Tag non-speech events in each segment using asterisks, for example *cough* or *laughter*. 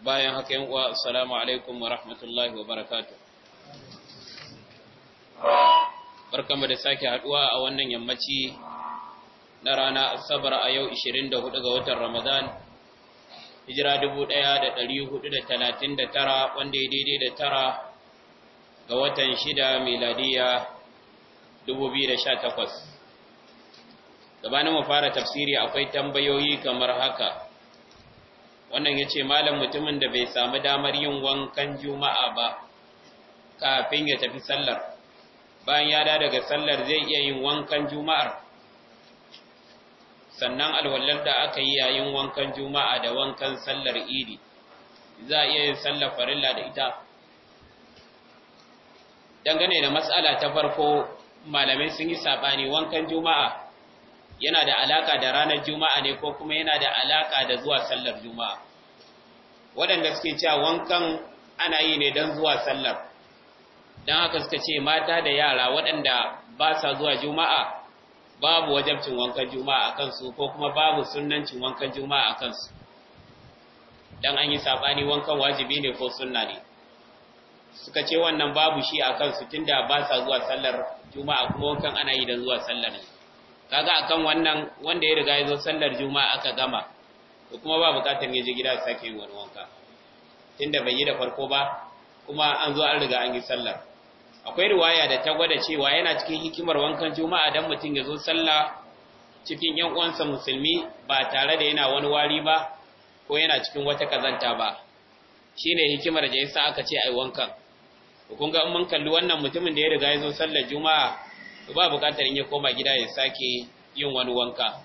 bayan haka yin uwa assalamu alaikum wa rahmatullahi wa barakatu barkamu da sake haduwa a wannan yammaci na rana asabar a yau 24 ga watan ramadan hijira 1439 wanda ya daidai da tara ga watan shida miladiya 2018 gabanin mu fara tafsiri akwai tambayoyi kamar haka wannan ya ce malam mutumin da bai samu damar yin wankan juma'a ba kafin ya tafi sallar bayan ya da daga sallar zai iya yin wankan juma'ar sannan alwallar da aka yi yayin wankan juma'a da wankan sallar iri, za a iya yin sallar farilla da ita dangane da matsala ta farko malamai sun yi saɓani wankan juma'a yana da alaka da ranar juma'a ne ko kuma yana da alaka da zuwa sallar juma'a waɗanda suke cewa wankan ana yi ne don zuwa sallar don haka suka ce mata da yara waɗanda ba sa zuwa juma'a babu wajabcin wankan juma'a a kansu ko kuma babu sunnancin wankan juma'a a kansu don an yi saɓani wankan wajibi ne ko sunna ne suka ce wannan babu shi a kansu tunda ba sa zuwa sallar juma'a kuma wankan ana yi don zuwa sallar ne kaga akan wannan wanda ya riga ya zo sallar juma'a aka gama to kuma ba bukatar ya je gida ya sake yin wani wanka tunda bai yi da farko ba kuma an zo an riga an yi sallar akwai riwaya da ta gwada cewa yana cikin hikimar wankan juma'a dan mutum ya zo sallah cikin yan uwansa musulmi ba tare da yana wani wari ba ko yana cikin wata kazanta ba shine hikimar da yasa aka ce ai wankan kun ga mun kalli wannan mutumin da ya riga ya zo sallar juma'a to ba bukatar in ya koma gida ya sake yin wani wanka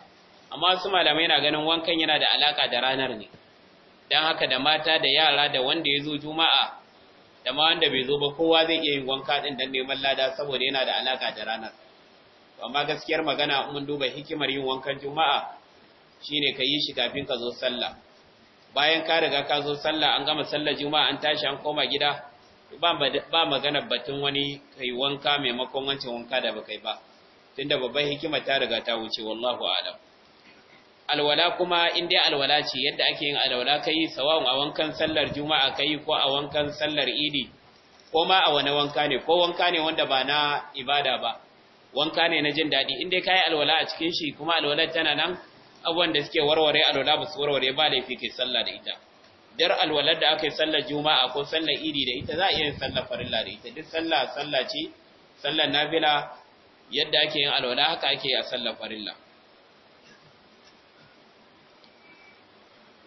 amma su malamai na ganin wankan yana da alaka da ranar ne dan haka da mata da yara da wanda ya zo juma'a da ma wanda bai zo ba kowa zai iya yin wanka din dan neman lada saboda yana da alaka da ranar amma gaskiyar magana mun duba hikimar yin wankan juma'a shine ka yi shi kafin ka zo sallah bayan ka riga ka zo sallah an gama sallar juma'a an tashi an koma gida ba magana batun wani kai wanka maimakon wancan wanka da bakai ba tunda babban hikima ta riga ta wuce wallahu a'lam alwala kuma in dai alwala ce yadda ake yin alwala kai sawa'un a wankan sallar juma'a kai ko a wankan sallar idi ko ma a wani wanka ne ko wanka ne wanda ba na ibada ba wanka ne na jin daɗi in dai kayi alwala a cikin shi kuma alwala tana nan abubuwan da suke warware alwala ba su warware ba laifi kai sallah da ita dar alwalar da aka sallar juma'a ko sallar idi da ita za a iya yin sallar farilla da ita duk sallar sallar ce sallar nafila yadda ake yin alwala haka ake yi a sallar farilla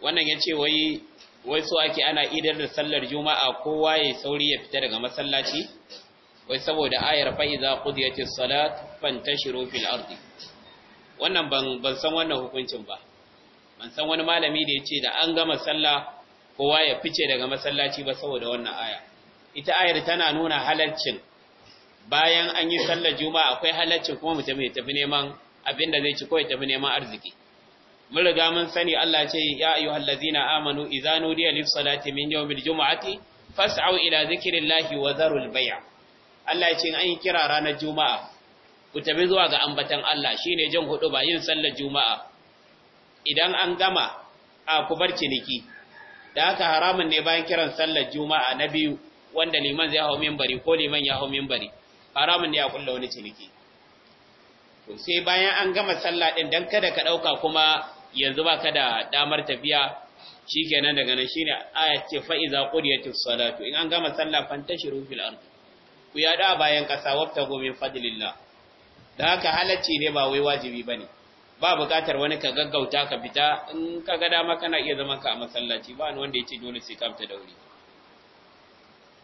wannan ya ce wai wai so ake ana idar da sallar juma'a kowa ya sauri ya fita daga masallaci wai saboda ayar fa idza qudiyatis salat fantashiru fil ardi wannan ban san wannan hukuncin ba ban san wani malami da ya ce da an gama sallah kowa ya fice daga masallaci ba saboda wannan aya ita ayar tana nuna halaccin bayan an yi sallar juma'a akwai halaccin kuma mutum ya tafi neman abin zai ci ko ya tafi neman arziki mun riga mun sani Allah ce ya ayyuhal ladzina amanu idza nudiya lis salati min yawmil jumu'ati fas'au ila zikrillahi wa zarul bay'a Allah ce an yi kira ranar juma'a ku tafi zuwa ga ambatan Allah shine jin hudu ba yin sallar juma'a idan an gama a ku bar ciniki da haka haramun ne bayan kiran sallar juma'a na biyu wanda liman zai hau mimbari ko liman ya hau mimbari? haramun ne a kulla wani ciniki to sai bayan an gama sallah din dan kada ka ɗauka kuma yanzu ba ka da damar tafiya shikenan daga nan shine aya ce fa iza qudiyatus salatu in an gama sallah fantashiru fil ard ku yada bayan kasa waftago min fadlillah da haka halarci ne ba wai wajibi bane ba buƙatar wani ka gaggauta ka fita in ka ga dama kana iya zaman ka a masallaci ba wani wanda ya ce dole sai ka fita da wuri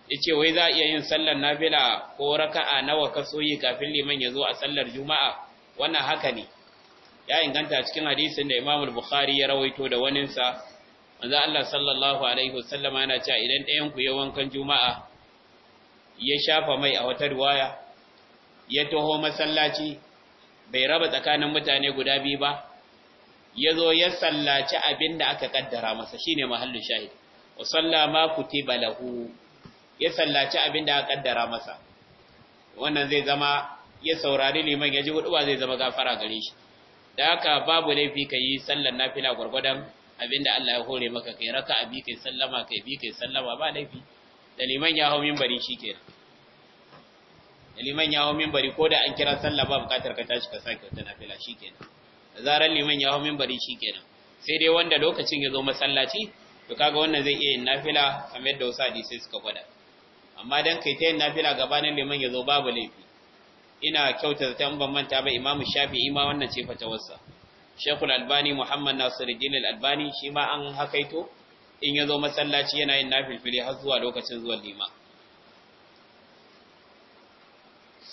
yace wai za a iya yin sallar nafila ko raka'a nawa ka soyi kafin liman ya zo a sallar juma'a wannan haka ne ya inganta cikin hadisin da Imam Bukhari ya rawaito da waninsa manzo Allah sallallahu alaihi wasallama yana cewa idan ɗayan ku ya wankan juma'a ya shafa mai a wata riwaya ya taho masallaci bai raba tsakanin mutane guda biyu ba ya zo ya sallaci abinda aka kaddara masa shine mahallin shahid wa sallama kutiba lahu ya sallaci abin aka kaddara masa wannan zai zama ya saurari liman ya ji hudu ba zai zama gafara gare shi da haka babu laifi ka yi sallar nafila gwargwadon abin da Allah ya hore maka kai raka abi kai sallama kai bi kai sallama ba laifi da liman ya hau shi shikenan liman ya hau minbari ko da an kira sallah ba bukatar ka tashi ka sake wata nafila shikenan da zarar liman ya hau minbari shikenan sai dai wanda lokacin ya zo masallaci to kaga wannan zai iya yin nafila kamar da wasu sai suka gwada amma dan kai ta yin nafila gabanin liman ya zo babu laifi ina kyauta ta ban manta ba Imam Shafi'i ma wannan ce fatawarsa Sheikhul Albani Muhammad Nasiruddin albani shi ma an hakaito in ya zo masallaci yana yin nafilfili har zuwa lokacin zuwan liman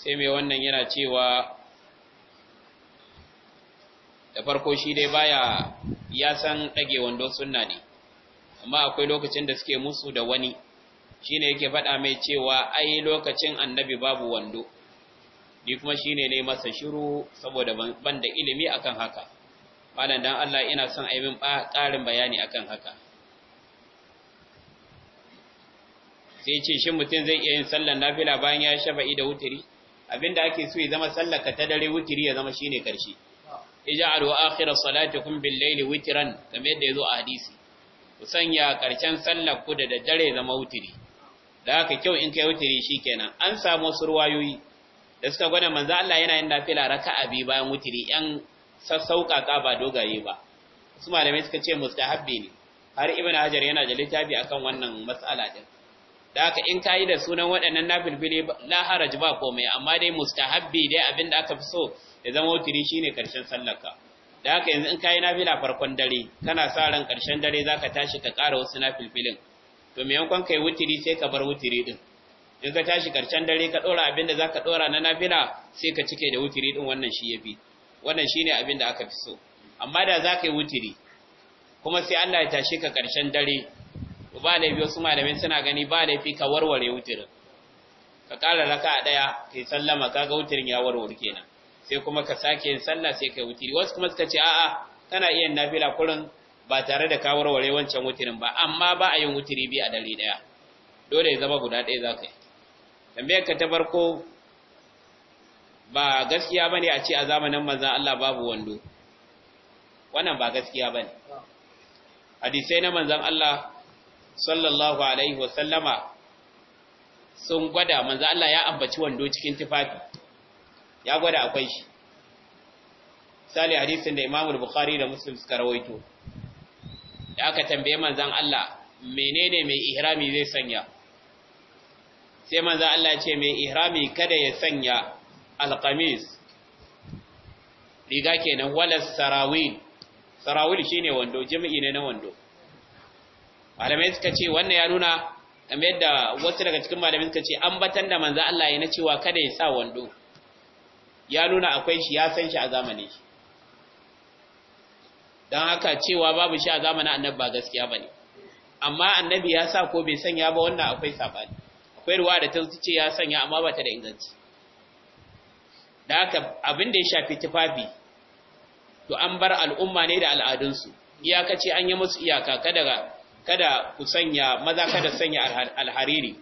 sai mai wannan yana cewa da farko shi dai baya ya san ɗage wando suna ne amma akwai lokacin da suke musu da wani shine yake faɗa mai cewa ai lokacin annabi babu wando ni kuma shi ne masa shiru saboda ban da ilimi akan haka malam dan Allah ina son a yi min ƙarin bayani akan haka sai ce shin mutum zai iya yin sallar nafila bayan ya shaba'i da wuturi abinda ake so ya zama sallaka ta dare wutiri ya zama shine karshe ij'alu akhira salatikum bil layli witran kamar yadda yazo a hadisi ku sanya karshen sallar ku da daddare ya zama wutiri. da haka kyau in kai witiri shikenan an samu wasu ruwayoyi da suka gwada manzo Allah yana yin nafila raka'a bi bayan witiri yan sassauka ka ba dogare ba su malamai suka ce mustahabbi ne har ibn hajar yana da littafi akan wannan mas'ala din da haka in kayi da sunan waɗannan nafilfili la haraj ba komai amma dai mustahabbi dai abin da aka fi so ya zama wutiri shine karshen sallarka da haka yanzu in kayi nafila farkon dare kana sa ran karshen dare zaka tashi ka ƙara wasu nafilfilin to me yankon kai wutiri sai ka bar wutiri din in ka tashi karshen dare ka dora abin da zaka dora na nafila sai ka cike da wutiri din wannan shi yafi wannan shine abin da aka fi so amma da zaka yi wutiri kuma sai Allah ya tashi ka karshen dare ba laifi wasu malamai suna gani ba laifi ka warware wutirin ka ƙara raka ɗaya kai sallama ka ga wutirin ya warware kenan sai kuma ka sake yin sallah sai kai wutiri wasu kuma suka ce a'a kana iya nafila kullun ba tare da ka warware wancan wutirin ba amma ba a yin wutiri bi a dare ɗaya dole ya zama guda ɗaya zaka yi tambayar ka ta farko ba gaskiya bane a ce a zamanin manzon Allah babu wando wannan ba gaskiya bane hadisai na manzon Allah sallallahu alaihi wasallama sun gwada manzo Allah ya ambaci wando cikin tufafi ya gwada akwai shi sali hadisin da Imam Bukhari da Muslim suka rawaito da aka tambaye manzan Allah menene mai ihrami zai sanya sai manza Allah ya ce mai ihrami kada ya sanya alqamis riga kenan wala sarawil sarawil shine wando jami'i ne na wando malamai suka ce wannan ya nuna kamar yadda wasu daga cikin malamai suka ce an batar da manzo Allah ya na cewa kada ya sa wando ya nuna akwai shi ya san shi a zamanin shi dan haka cewa babu shi a zamanin annabi ba gaskiya bane amma annabi ya sa ko bai sanya ba wannan akwai sabani akwai ruwa da tun ce ya sanya amma ba ta da inganci da haka abin da ya shafi tufafi to an bar al'umma ne da al'adunsu iyaka ce an yi musu iyaka kada kada ku sanya maza kada sanya alhariri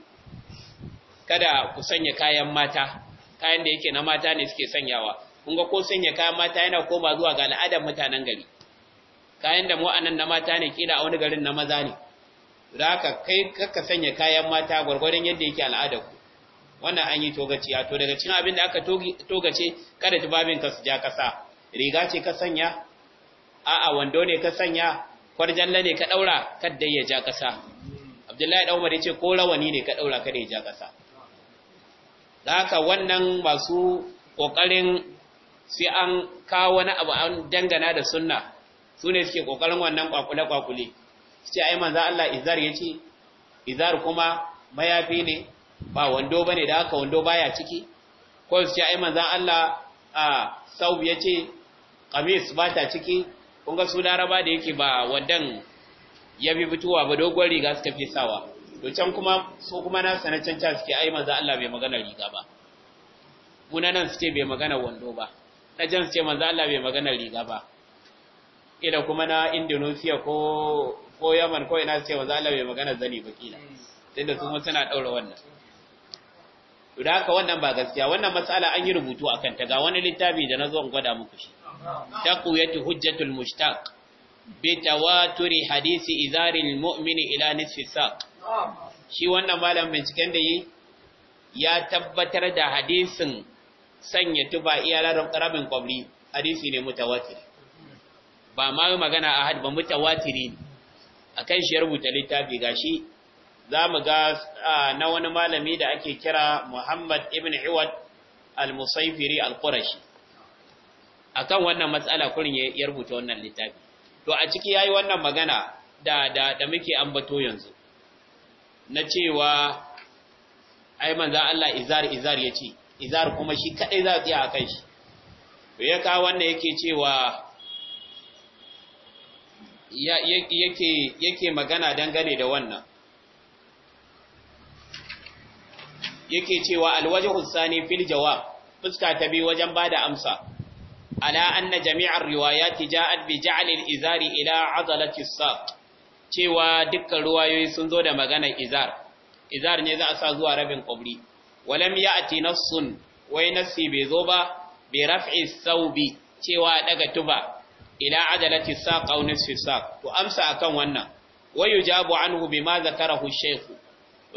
kada ku sanya kayan mata kayan da yake na mata ne suke sanyawa kun ga ko sanya kayan mata yana koma zuwa ga al'adar mutanen gari kayan da mu anan na mata ne kila a wani garin na maza ne zaka kai kaka sanya kayan mata gwargwadon yadda yake al'adar ku wannan an yi togaci to daga cikin abin da aka togace kada tubabin ka su ja kasa riga ce ka sanya a'a wando ne ka sanya kwarjalla ne ka daura kada ya ja kasa abdullahi da umar yace ko rawani ne ka daura kada ya ja kasa haka wannan masu kokarin sai an kawo wani abu an dangana da sunna su ne suke kokarin wannan kwakule kwakule a ai manzo Allah izar yace izar kuma mayafi ne ba wando bane da haka wando baya ciki ko sai ai manzo Allah a ya yace kamis ba ta ciki kun ga su laraba da yake ba wadan ya bi fitowa ba dogon riga suka fi sawa to can kuma su kuma na sana can can suke ai manzo Allah bai magana riga ba kuma nan suke bai magana wando ba na jan suke manzo Allah bai magana riga ba ila kuma na Indonesia ko ko Yaman ko ina suke manzo Allah bai magana zani ba kila sai da su mun suna daura wannan to da haka wannan ba gaskiya wannan matsala an yi rubutu akan ta ga wani littafi da nazo in gwada muku shi تقويه hujjatul mushtaq بتواتر حديث hadisi المؤمن mu'mini نصف الساق شي shi wannan malam binciken da yi ya tabbatar da hadisin sanya tuba iya rabin qabli hadisi ne mutawatir ba ma magana ahad ba mutawatiri ne akan shi rubuta littafi gashi za mu ga na wani malami da ake kira Muhammad ibn Iwad al musayfiri al-Qurashi akan wannan matsala kurin ya rubuta wannan littafi to a ciki yayi wannan magana da da da muke ambato yanzu na cewa ai manzo Allah izar izar yace izar kuma shi kadai za tsaya akan shi to ya ka wannan yake cewa ya yake yake magana dangane da wannan yake cewa alwajhu sani fil jawab fuska ta bi wajen bada amsa ala anna jami'ar riwayati ja'at bi ja'lil izari ila adalati saq cewa dukkan ruwayoyi sun zo da maganar izar izar ne za a sa zuwa rabin qabri walam ya'ti nassun wai nassi bai zo ba bi raf'i saubi cewa daga tuba ila adalati saq aw nisfi saq to amsa akan wannan wayu jabu anhu bima zakarahu shaykh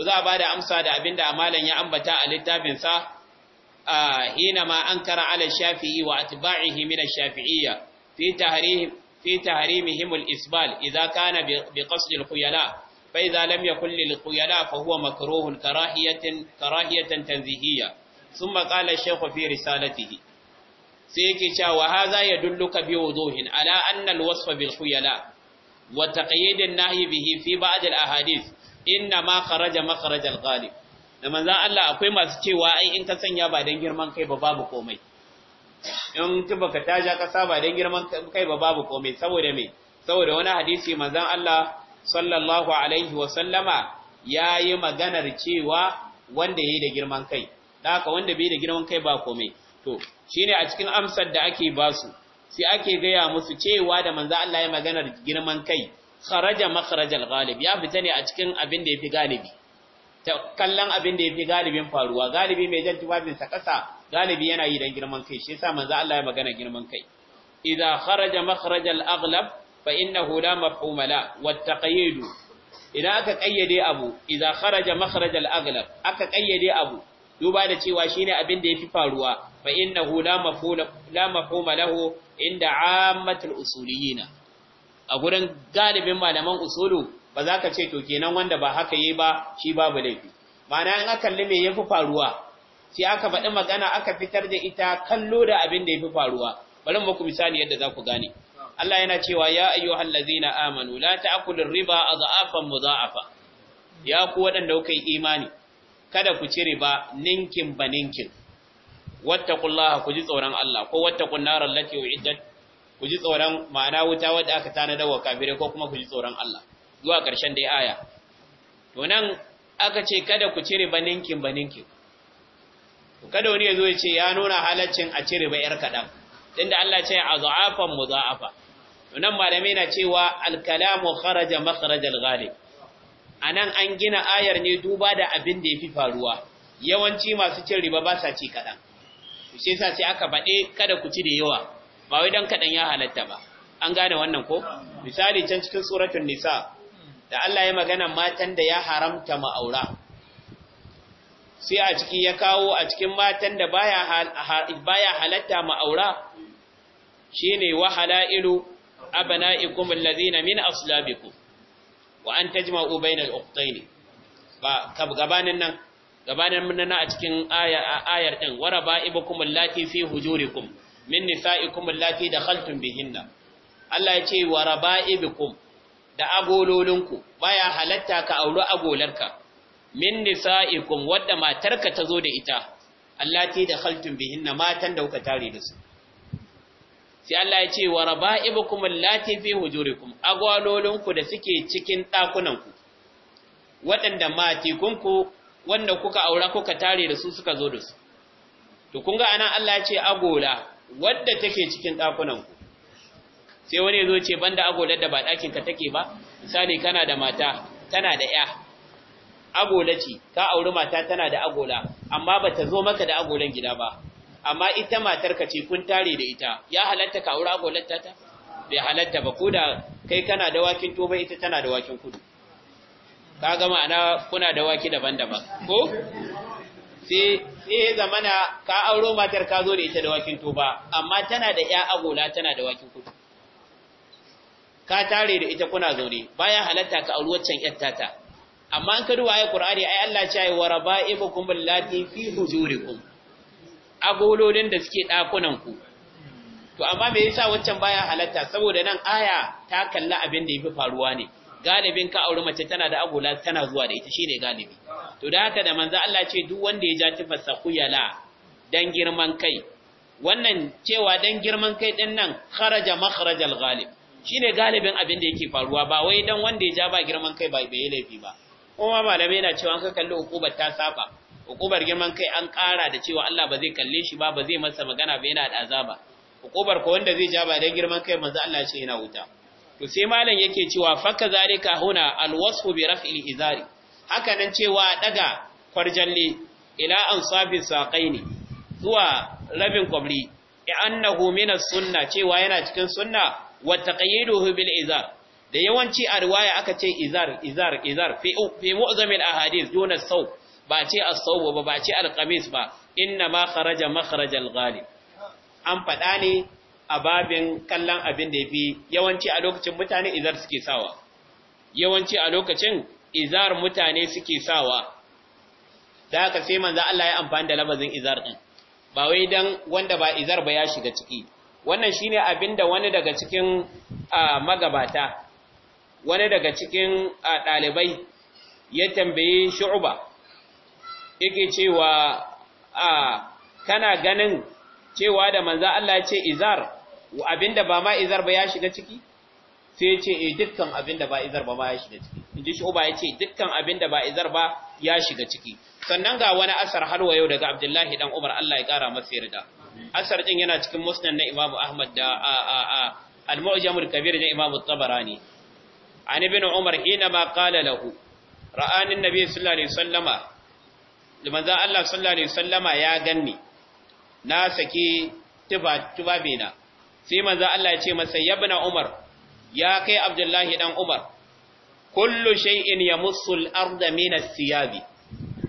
za a bada amsa da abinda malam ya ambata a littafin sa آه، حينما أنكر على الشافعي وأتباعه من الشافعية في تحريم في تحريمهم الإسبال إذا كان بقصد الخيلاء فإذا لم يكن للخيلاء فهو مكروه كراهية كراهية تنزيهية ثم قال الشيخ في رسالته سيكي وهذا يدلك بوضوح على أن الوصف بالخيلاء وتقييد النهي به في بعض الأحاديث إنما خرج مخرج الغالب da manzan Allah akwai masu cewa ai in ka sanya ba dan girman kai ba babu komai in ka baka taja kasa ba dan girman kai ba babu komai saboda me saboda wani hadisi manzan Allah sallallahu alaihi wa sallama yayi maganar cewa wanda yayi da girman kai haka wanda bai da girman kai ba komai to shine a cikin amsar da ake basu sai ake gaya musu cewa da manzan Allah ya maganar girman kai kharaja makharajal ghalib ya fita ne a cikin abin da yafi galibi kallon abin da ya fi galibin faruwa galibi mai jan tufafinsa sa kasa galibi yana yi dan girman kai shi yasa manzo Allah ya magana girman kai idza kharaja makhraj al-aghlab fa innahu la mafhuma la wattaqayidu aka kayyade abu idza kharaja makhraj al-aghlab aka kayyade abu duba da cewa shine abin da yafi faruwa fa innahu la mafhuma la lahu inda ammatul usuliyina a gurin galibin malaman usulu ba za ka ce to kenan wanda ba haka yi ba shi babu laifi ma'ana in aka kalli me yafi faruwa sai aka faɗi magana aka fitar da ita kallo da abin da yafi faruwa bari muku misali yadda za ku gane Allah yana cewa ya ayyuhal ladzina amanu la ta'kulur riba adhafan mudha'afa ya ku waɗanda kuka yi imani kada ku ci riba ninkin ba ninkin wattaqullaha ku ji tsoron Allah ko wattaqun naral lati uiddat ku ji tsoron ma'ana wuta wadda aka da wa kafirai ko kuma ku ji tsoron Allah zuwa ƙarshen dai aya to aka ce kada ku cire ba ninkin ba ninkin kada wani ya zo ya ce ya nuna halaccin a cire ba yar kaɗan tunda Allah ce a za'afan mu za'afa to nan malamai na cewa alkalamu kharaja makharaj A nan an gina ayar ne duba da abin da ya fi faruwa yawanci masu cin riba ba sa ci kaɗan shi sa, sai aka baɗe kada ku ci da yawa ba wai don kaɗan ya halatta ba an gane wannan ko misali can cikin suratun nisa da Allah ya magana matan da ya haramta ma'aura sai a ciki ya kawo a cikin matan da baya halatta ma'aura Shi shine wa halailu abna'ikum alladhina min aslabikum wa an ta na bainal ne. ba gabanin nan gabanin nan a cikin ayar wara ba raba'ibukum allati fi hujurikum min nisa nisa'ikum allati dakhaltum bihinna Allah ya ce wa raba'ibukum da agololinku baya halatta ka auri agolarka min nisa'ikum wadda matarka ta zo da ita allati da khaltum na matan da kuka tare da su sai Allah ya ce wa raba'ibukum allati fi hujurikum agololinku da suke cikin ɗakunanku waɗanda matikunku wanda kuka aura kuka tare da su suka zo da su to kun ga anan Allah ya ce agola wadda take cikin ɗakunanku sai wani ya zo ce banda agolar da ba ɗakin ka take ba misali kana da mata tana da ya agola ce ka auri mata tana da agola amma ba ta zo maka da agolan gida ba amma ita matar ka ce kun tare da ita ya halatta ka auri agolar ta bai halatta ba ko da kai kana da wakin toba ita tana da wakin kudu ka ga ma'ana kuna da waki daban-daban ko sai sai zamana ka auro matar ka zo da ita da wakin toba amma tana da ƴa agola tana da wakin ka tare da ita kuna zaune baya halatta ka auri waccan yar tata amma an ka duba ayat qur'ani ai Allah ya ce wa raba'ibukum allati fi hujurikum agololin da suke dakunan ku to amma me yasa waccan baya halatta saboda nan aya ta kalla abin da yafi faruwa ne galibin ka auri mace tana da agola tana zuwa da ita shine galibi to da haka da manzo Allah ce duk wanda ya ja tifarsa kuyala dan girman kai wannan cewa dan girman kai din nan kharaja makhrajal ghalib Shi ne galibin abin da yake faruwa ba wai dan wanda ya ja ba girman kai ba bai laifi ba kuma malamai na cewa an ka kalli hukubar ta safa. hukubar girman kai an kara da cewa Allah ba zai kalle shi ba ba zai masa magana ba yana da azaba hukubar ko wanda zai ja ba dan girman kai manzo Allah ya ce yana wuta to sai malam yake cewa fakka zalika huna alwasfu bi raf'il izari haka nan cewa daga kwarjalle ila ansabi saqaini zuwa rabin kwabri annahu min sunna cewa yana cikin sunna wa taqayyiduhu bil izar da yawanci a riwaya aka ce izar izar izar fi fi mu'zamil ahadith duna sau, ba ce as-sawb ba ba ce al-qamis ba inna ma kharaja makhraj al-ghalib an faɗa ne a babin kallon abin da yafi yawanci a lokacin mutane izar suke sawa yawanci a lokacin izar mutane suke sawa da haka sai manzo Allah ya amfani da labazin izar din ba wai dan wanda ba izar ba ya shiga ciki wannan shi ne abinda wani daga cikin magabata wani daga cikin ɗalibai ya tambaye shu'uba yake cewa kana ganin cewa da manza Allah ce izar abinda ba ma izar ba ya shiga ciki sai ya ce eh, dukkan abinda ba izar ba ma ya shiga ciki inji shu'uba ya ce dukkan abinda ba izar ba ya shiga ciki sannan ga wani asar har wayo yau daga Abdullahi dan Umar Allah ya kara masa yarda asar din yana cikin musnad na Imam Ahmad da al-Mu'jam al-Kabir da Imam At-Tabarani an ibn Umar hina ma qala lahu ra'ani an-nabi sallallahu alaihi wasallama liman za Allah sallallahu alaihi wasallama ya ganni na saki tuba tuba bina sai manzo Allah ya ce masa yabna Umar ya kai Abdullahi dan Umar kullu shay'in yamussu al-arda min as-siyabi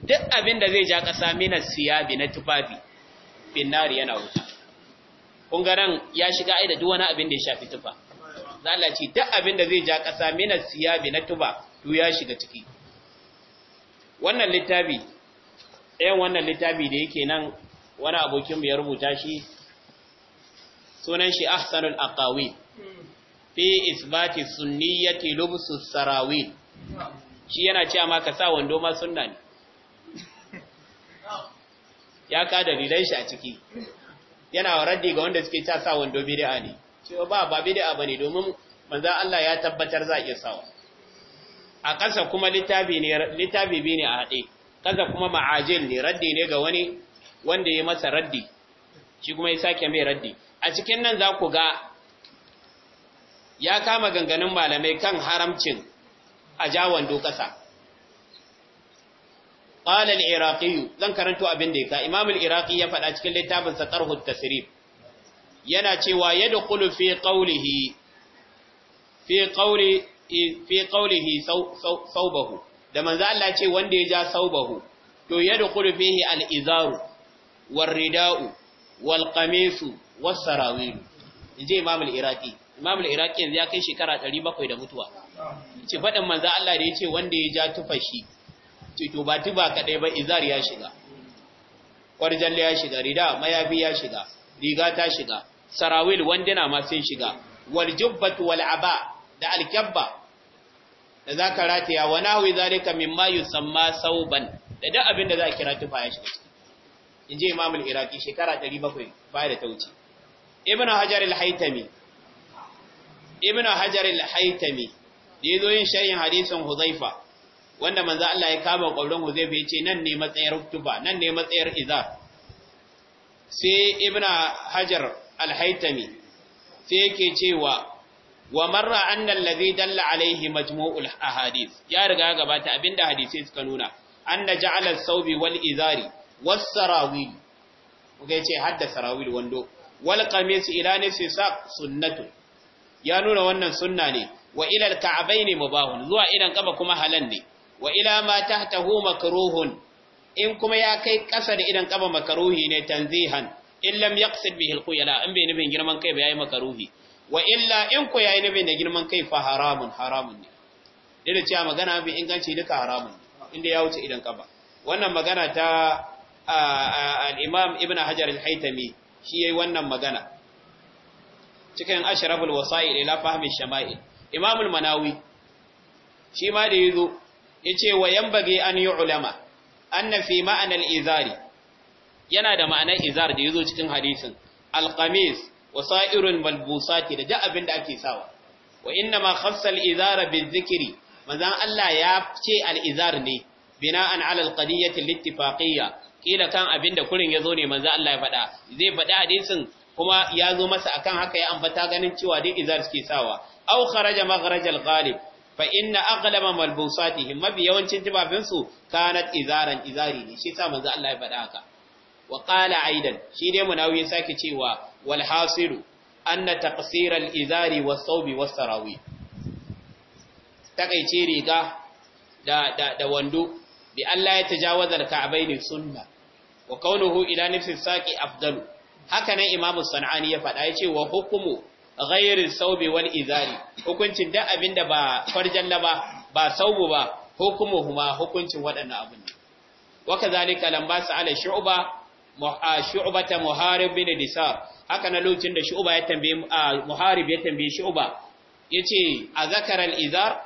duk abinda zai ja kasa min as-siyabi na tufafi binnari yana wuta kun ga nan ya shiga aida duk wani abin da ya shafi tufa za Allah ce duk abin da zai ja ƙasa mina siyabi na tuba to ya shiga ciki wannan littafi ɗayan wannan littafi da yake nan wani abokin mu ya rubuta shi sunan shi ahsanul aqawil fi isbati sunniyati lubsus sarawil shi yana cewa ma ka sa wando ma sunna ne ya ka da shi a ciki yana raddi ga wanda suke ta sa wando bid'a ne cewa ba ba bid'a bane domin manzo Allah ya tabbatar za a iya sawa a ƙasa kuma littafi ne littafi bi ne a haɗe ƙasa kuma ma'ajil ne raddi ne ga wani wanda ya masa raddi shi kuma ya sake mai raddi a cikin nan za ku ga ya kama ganganin malamai kan haramcin a jawon kasa قال العراقي zan karanto abin da yake imam al-iraqi ya faɗa cikin littafin sa Tarhut tasrif yana cewa yadkhul fi qawlihi fi qawli fi qawlihi saubahu da manzo Allah ce wanda ya ja saubahu to yadkhul fihi al-izaru war-rida'u wal-qamisu was-sarawil je imam al-iraqi imam al-iraqi yanzu ya kai shekara 700 da mutuwa ce faɗin manzo Allah da ya ce wanda ya ja tufashi cito ba tuba kadai ba izar ya shiga kwarjalle ya shiga rida Mayabi ya shiga riga ta shiga sarawil wandina ma sun shiga wal jubbatu wal aba da alkabba da zaka rataya wa nahwi zalika mimma yusamma sauban da duk abin da za kira tufa ya shiga inji imam al-iraqi shekara 700 baya da tauci ibnu hajar al-haytami ibnu hajar al-haytami da yazo yin sharhin hadisin huzaifa wanda manzo Allah ya kama kwaurin Huzaifa yace nan ne matsayar tuba nan ne matsayar iza sai Ibn hajar al-haytami sai yake cewa wa marra anna alladhi dalla alaihi majmu'ul ahadith ya riga gabata abinda hadisi suka nuna anna ja'ala as-sawbi wal izari was sarawil kuga yace hadda sarawil wando wal qamis ila nisfi saq sunnatu. ya nuna wannan sunna ne wa ila al-ka'bayn mubahun zuwa idan kaba kuma halal ne wa ila ma tahtahu makruhun in kuma ya kai ƙasa da idan kaba makaruhi ne tanzihan in lam yaqsid bihi alquyala in bai nufin girman kai ba yayi makaruhi wa illa in ku yayi nufin da girman kai fa haramun haramun ne da cewa magana bi inganci duka haramun inda ya wuce idan ƙaba. wannan magana ta al-imam ibn hajar al-haytami shi yayi wannan magana cikin ashraful wasa'il ila fahmi shama'il imam al-manawi shi ma da yi zo. yace wa yanbaghi an yu'lama anna fi ma'anar izari yana da ma'anar izar da yazo cikin hadisin alqamis wa sa'irul malbusati da duk abin da ake sawa wa inna ma khassa al-izara bizikri manzan Allah ya ce al-izar ne bina'an ala al-qadiyyati al-ittifaqiyya kila kan abinda kurin yazo ne manzan Allah ya faɗa zai faɗa hadisin kuma ya zo masa akan haka ya ambata ganin cewa duk izar suke sawa aw kharaja maghraj al-ghalib fa inna aghlaba malbusatihim mabi yawancin tubafinsu kanat izaran izari ne shi sa manzo Allah ya faɗa haka wa qala aidan shi dai munawi sake cewa wal hasiru anna taqsir al izari was thawbi was sarawi Takaice riga da da da wando bi Allah ya tajawaza al ka'bayn sunna wa idan ila nafsi saqi afdalu haka nan imamu sanani ya faɗa ya ce wa hukumu ghairin saubi wal izari hukuncin da abinda ba farjalla ba ba saubu ba hukumu huma hukuncin waɗannan abin wa kazalika lamba sa'ala shu'ba shu'bata muharib bin disar haka na lokacin da shu'ba ya tambaye muharib ya tambaye shu'ba yace a zakaral izar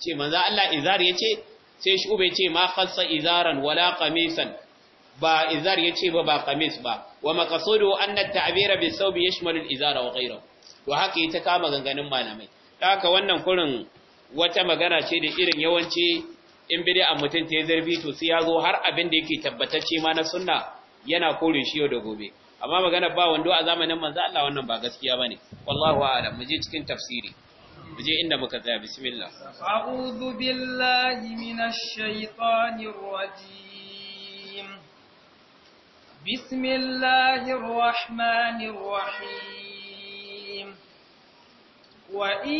ce manzo Allah izar yace sai shu'ba yace ma khassa izaran wala qamisan ba izar yace ba ba kamis ba wa maqsudu anna at-ta'bira bis-sawb yashmalu al-izara wa ghayra wa haka ita kama ganganin malamai haka wannan kurin wata magana ce da irin yawanci in bid'a mutun ta zarfi to sai yazo har abin da yake tabbatacce ma na sunna yana kore shi yau da gobe amma magana ba wando a zamanin manzo Allah wannan ba gaskiya bane wallahu a'lam muje cikin tafsiri muje inda muka tsaya bismillah a'udhu billahi minash shaitanir rajim بسم الله الرحمن الرحيم وإن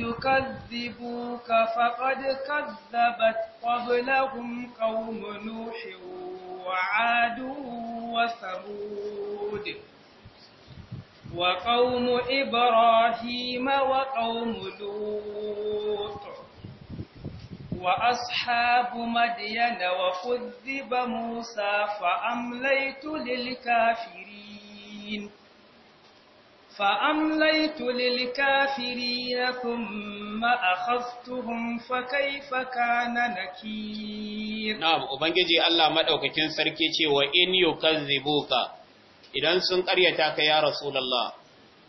يكذبوك فقد كذبت قبلهم قوم نوح وعاد وثمود وقوم إبراهيم وقوم لوط وأصحاب مدين وكذب موسى فأمليت للكافرين فأمليت للكافرين ثم أخذتهم فكيف كان نكير نعم وبنجي الله مدوكين سركي وإن يكذبوك إذا سن قريتك يا رسول الله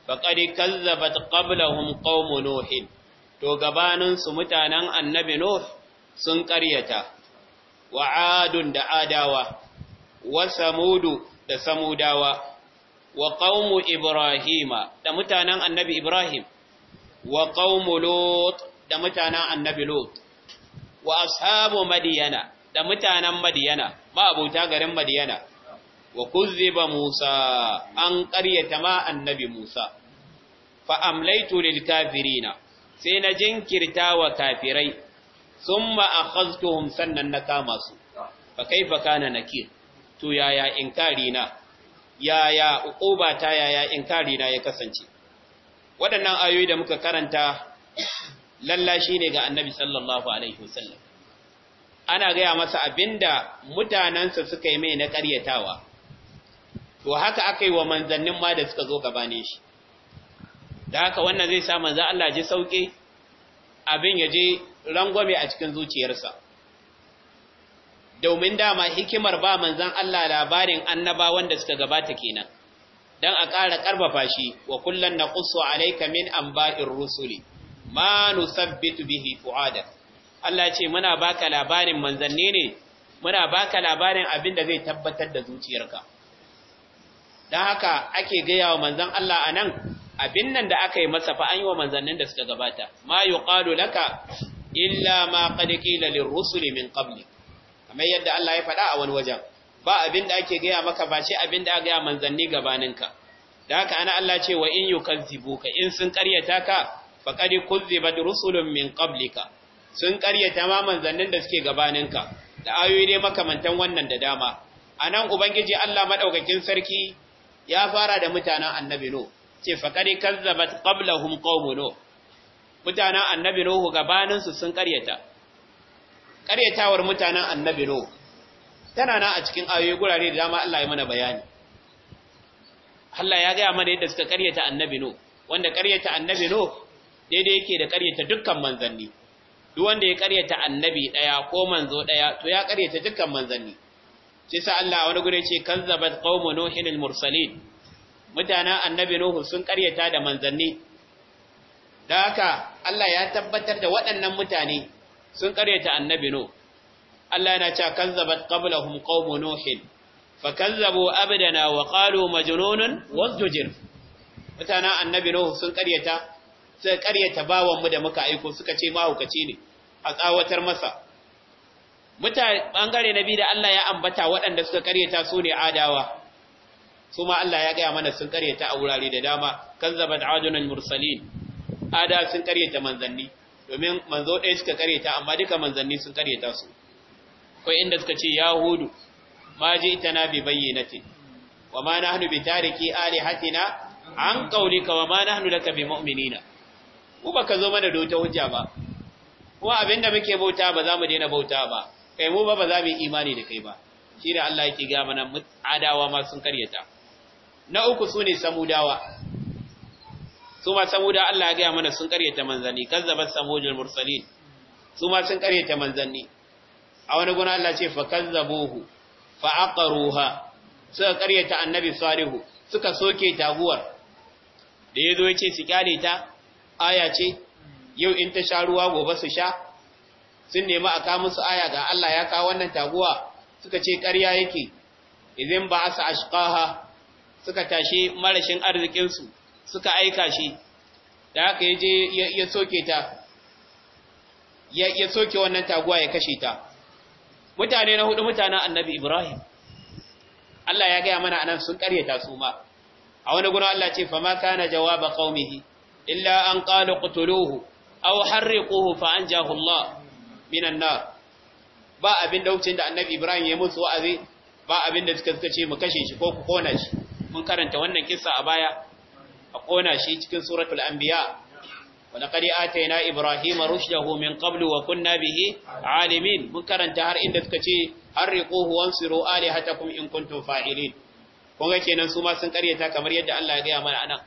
فقد كذبت قبلهم قوم نوح to gabaninsu mutanen annabi Nuh sun ƙaryata, wa adun da adawa, wa samudu da samudawa, wa ƙaunmu Ibrahima da mutanen annabi Ibrahim, wa ƙaunmu Lot da mutanen annabi Lot, wa ashabu Madiyana da mutanen Madiyana, ma'abuta garin Madiyana, wa kuzziba Musa an ƙaryata ma annabi Musa, fa'amlaitu lil kafirina, sai na jinkirta wa kafirai. thumma akhadhtuhum sannan na kama su fa kaifa kana ke, to yaya inkari na yaya uquba ta yaya na ya kasance waɗannan ayoyi da muka karanta lalla ne ga annabi sallallahu alaihi wasallam ana gaya masa abinda mutanansa suka yi mai na ƙaryatawa to haka aka yi wa manzannin ma da suka zo gabanin shi da haka wannan zai sa manzo Allah ji sauki abin ya je rangwame a cikin zuciyarsa domin dama hikimar ba manzan Allah labarin annaba wanda suka gabata kenan dan a ƙara ƙarfafa shi wa na ƙusso alaika min anba'ir rusuli ma nusabbitu bihi fuada Allah ce muna baka labarin manzanni ne muna baka labarin abin da zai tabbatar da zuciyarka dan haka ake gaya wa manzan Allah anan abin nan da aka yi masa fa an yi wa manzannin da suka gabata ma yuqalu laka illa ma qad qila lirrusuli min qabli kamar yadda Allah ya faɗa a wani wajen ba abin da ake gaya maka ba shi abin da aka gaya manzanni gabaninka da haka ana Allah ce wa in yukazzibuka in sun karyata ka faqad kuzzibat rusulun min qablika sun karyata ma manzannin da suke gabaninka da ayoyi ne makamantan wannan da dama anan ubangiji Allah madaukakin sarki ya fara da mutanen annabi no ce faqad kazzabat qablahum qaumun mutanen annabi Nuhu gabaninsu sun ƙaryata, ƙaryatawar mutanen annabi Nuhu, tana na a cikin ayoyi gurare da dama Allah ya mana bayani. Allah ya gaya mana yadda suka ƙaryata annabi Nuhu, wanda ƙaryata annabi Nuhu daidai yake da ƙaryata dukkan manzanni, duk wanda ya ƙaryata annabi ɗaya ko manzo ɗaya to ya ƙaryata dukkan manzanni. Sai sa Allah wani gure ce kazzabat qaumu nuhin mursalin Mutanen annabi Nuhu sun ƙaryata da manzanni da haka Allah ya tabbatar da waɗannan mutane sun karyata annabi no Allah yana cewa kazzabat qablahum qaumun fa fakazzabu abdana wa qalu majnunun wasjujir mutanen annabi no sun karyata sai karyata bawon mu da muka aiko suka ce mahaukaci ne a tsawatar masa mutane bangare nabi da Allah ya ambata waɗanda suka karyata su ne adawa su ma Allah ya gaya mana sun karyata a wurare da dama kazzabat adunan mursalin ada sun karyata manzanni domin manzo ɗaya suka karyata amma duka manzanni sun karyata su akwai inda suka ce yahudu ma ji ita na bi ce. wa ma nahnu bi tariki na? an qaulika wa ma nahnu laka bi mu'minina ku baka zo mana da hujja ba kuma abinda muke bauta ba za mu daina bauta ba kai mu ba ba za mu yi imani da kai ba shi da Allah yake ga mana adawa ma sun karyata na uku sune samudawa su ma saboda Allah ya gaya mana sun karyata manzanni kazzabat samujul mursalin su ma sun karyata manzanni a wani guna Allah ce fa kazzabuhu fa aqaruha suka karyata annabi salihu suka soke taguwar da yazo yace su kyale ta aya ce yau in ta sha ruwa gobe su sha sun nemi a ka musu aya ga Allah ya kawo wannan taguwa suka ce ƙarya yake idan ba asa ashqaha suka tashi marashin arzikin su suka aika shi da haka ya je ya soke ta ya soke wannan taguwa ya kashe ta mutane na hudu mutanen annabi ibrahim Allah ya gaya mana anan sun karyata su ma a wani gurin Allah ce fa ma kana jawaba qaumihi illa an qala qutuluhu aw harriquhu fa anjahu Allah minan nar ba abin da wucin da annabi ibrahim ya musu wa'azi ba abin da suka suka ce mu kashe shi ko ku kona shi mun karanta wannan kissa a baya a kona shi cikin suratul anbiya ولقد آتينا إبراهيم رشده من wa kunna bihi عالمين mun karanta har inda suka ce harriquhu wansiru alihatakum in kuntum fa'ilin kun ga kenan su ma sun karyata kamar yadda Allah ya gaya mana anan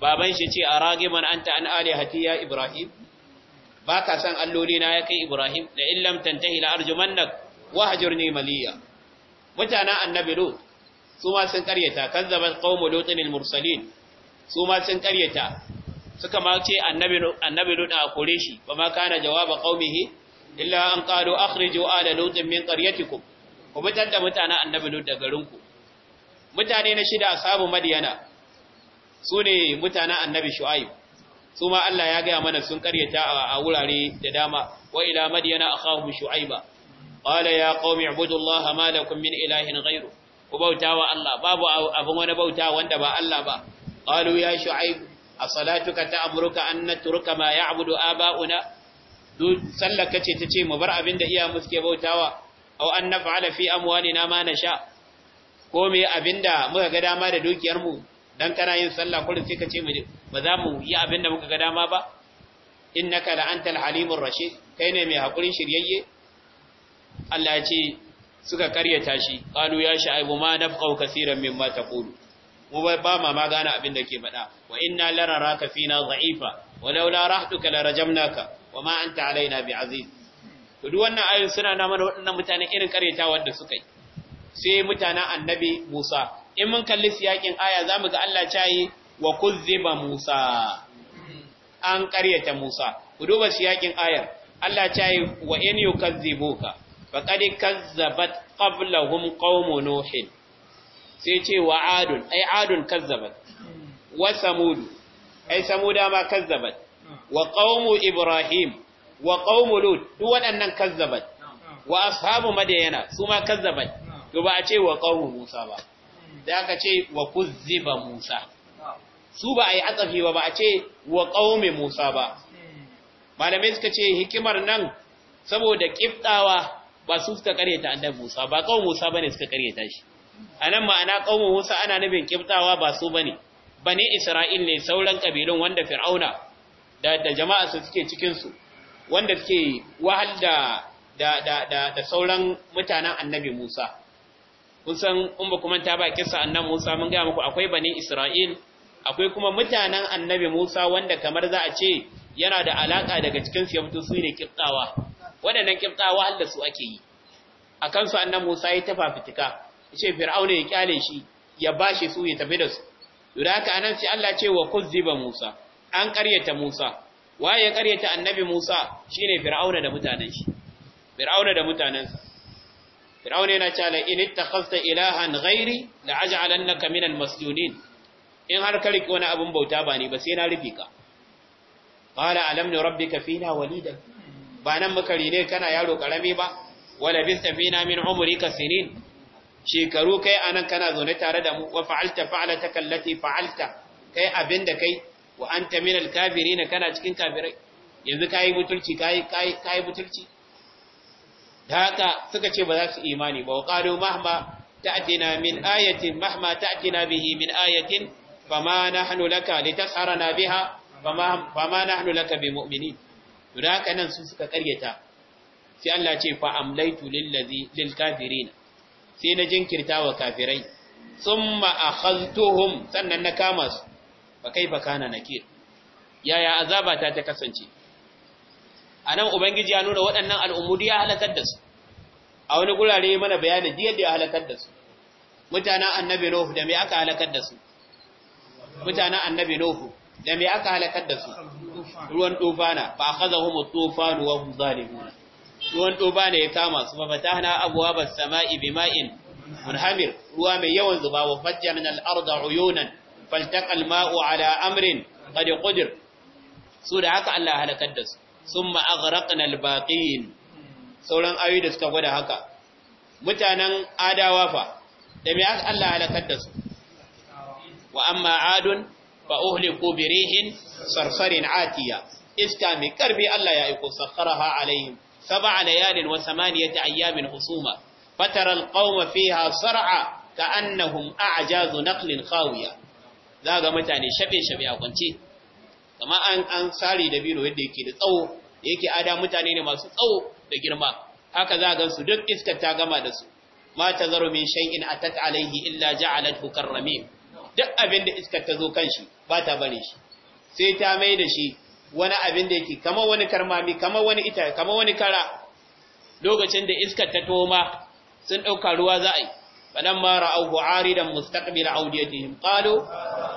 baban shi ce aragiman anta an alihati ya Ibrahim baka san alloli na ya kai Ibrahim la illam tantahi la arjumannak wahjurni maliya mutanen annabi lut su ma sun karyata kazzabat qaumu lutin al mursalin su ma sun karyata suka ma ce annabi lut a kore shi ba ma kana jawaba qaumihi illa an qalu akhriju ala lutin min qaryatikum ku fitar da mutanen annabi lut daga garinku mutane na shida ashabu madiyana su ne mutanen annabi shu'aib su ma Allah ya gaya mana sun karyata a wurare da dama wa ila madiyana akhahum shu'aiba qala ya qaumi ibudullaha ma lakum min ilahin ghayru ku bautawa Allah babu abin wani bauta wanda ba Allah ba qalu ya shu'aib as-salatuka ta'muruka an natruka ma ya'budu aba'una duk sallaka ce tace mu bar abin da iya muke bautawa aw an naf'ala fi amwalina ma nasha ko me abinda muka ga dama da dukiyar mu dan kana yin sallah kullum sai ka ce mu ba za mu yi abinda muka ga dama ba In naka la'antar halimur Rashe, kai ne mai hakurin shiryayye Allah ce suka karyata shi qalu ya shaibu ma nafqau kaseeran mimma taqulu mu ba ma magana abin da ke faɗa wa inna lararaka fina dha'ifa wa laula rahtuka larajamnaka wa ma anta alaina bi aziz to duk wannan ayoyin suna na mana waɗannan mutane irin karyata wanda suka yi sai mutanen annabi Musa in mun kalli siyakin aya zamu ga Allah ya yi wa kuzziba Musa an karyata Musa ku duba siyakin ayar Allah ya yi wa in yukazzibuka faqad kazzabat qablahum qaumu nuhin sai ce wa adun ai adun kazzabat wa samud ai samuda ma kazzabat wa qaumu ibrahim wa qaumu lut duk waɗannan kazzabat wa ashabu madayana su ma kazzabat to ba a ce wa qaumu musa ba da aka ce wa kuzziba musa su ba a yi atsafi ba ba a ce wa qaumi musa ba malamai suka ce hikimar nan saboda kiftawa ba su suka karyata annabi Musa ba kawai Musa bane suka karyata shi anan ma'ana ƙaunar Musa ana nabin kibtawa ba su bane Bani Isra'il ne sauran kabilun wanda Fir'auna da da jama'a su suke cikin wanda suke wahal da da da da sauran mutanen Annabi Musa kun san kuma ta ba kissa Annabi Musa mun gaya muku akwai Bani Isra'il akwai kuma mutanen Annabi Musa wanda kamar za a ce yana da alaka daga cikin su ya fito su ne kibtawa waɗannan kibtawa halda su ake yi akan su Annabi Musa ya tafa fitika Ace fir'auna ya kyale shi ya bashi su ya tafi da su to da haka anan sai Allah ce wa kuzziba Musa an karyata Musa waye ya karyata annabi Musa shine fir'auna da mutanen shi fir'auna da mutanensa fir'auna yana cewa la in ittakhasta ilahan ghairi la aj'alannaka minal masjunin in har ka riki wani abun bauta ba ba sai na rufe ka qala alam ni rabbika fina walida ba nan muka rine kana yaro karami ba wala bista tafina min umrika sinin shekaru kai a nan kana zaune tare da mu wa fa'alta fa'alata kallati fa'alta kai abin da kai wa anta min al-kafirin kana cikin kabirai. yanzu ka yi butulci ka yi kai Da haka suka ce ba za su imani ba wa qalu mahma ta'tina min ayatin mahma ta'tina bihi min ayatin na nahnu laka litasharana biha fama nahnu laka bimu'minin to da haka nan su suka karyata sai Allah ce fa amlaitu lil ladzi lil kafirin sai na jinkirta wa kafirai a akhadhtuhum sannan na kama su ba kai kaifa kana nakir yaya azaba ta ta kasance nan ubangiji ya nuna waɗannan al'ummudi ya halakar da su a wani gurare mana bayanin da ya halakar da su mutanen annabi nohu da me aka halakar da su mutanen annabi nohu da me aka halakar da su ruwan tufana fa a kaza tufanu wa hum ruwan doba ne ya kama su na ba abwaabas samaa'i bima'in munhamir ruwa mai yawan zuba wa fajjarna al-arda uyunan faltaqa al-ma'u ala amrin qad qadir su da haka Allah halakar da su summa aghraqna al-baqin sauran ayoyi da suka gwada haka mutanen adawa fa da me Allah halakar da su wa amma adun fa uhliku bi rihin sarsarin atiya iska mai karbi Allah ya aiko sakharaha alaihim سبع ليال وثمانية أيام حسوما فترى القوم فيها صرعى كأنهم أعجاز نقل خاوية ذاك متاني شبه شبه أقنتي كما أن أن ساري دبيرو يديكي لتو yake ada mutane ne masu tsawo da girma haka za ga su duk iskar ta gama da su ma tazaru min shay'in atat alayhi illa ja'alathu karramim duk abin da iskar ta zo kan shi ba ta bare shi sai ta mai da shi wani abin da yake kama wani karmami kama wani ita kama wani kara lokacin da iskar ta toma sun ɗauka ruwa za a yi faɗan mara auku aridan mustaqbil audiyatihim qalu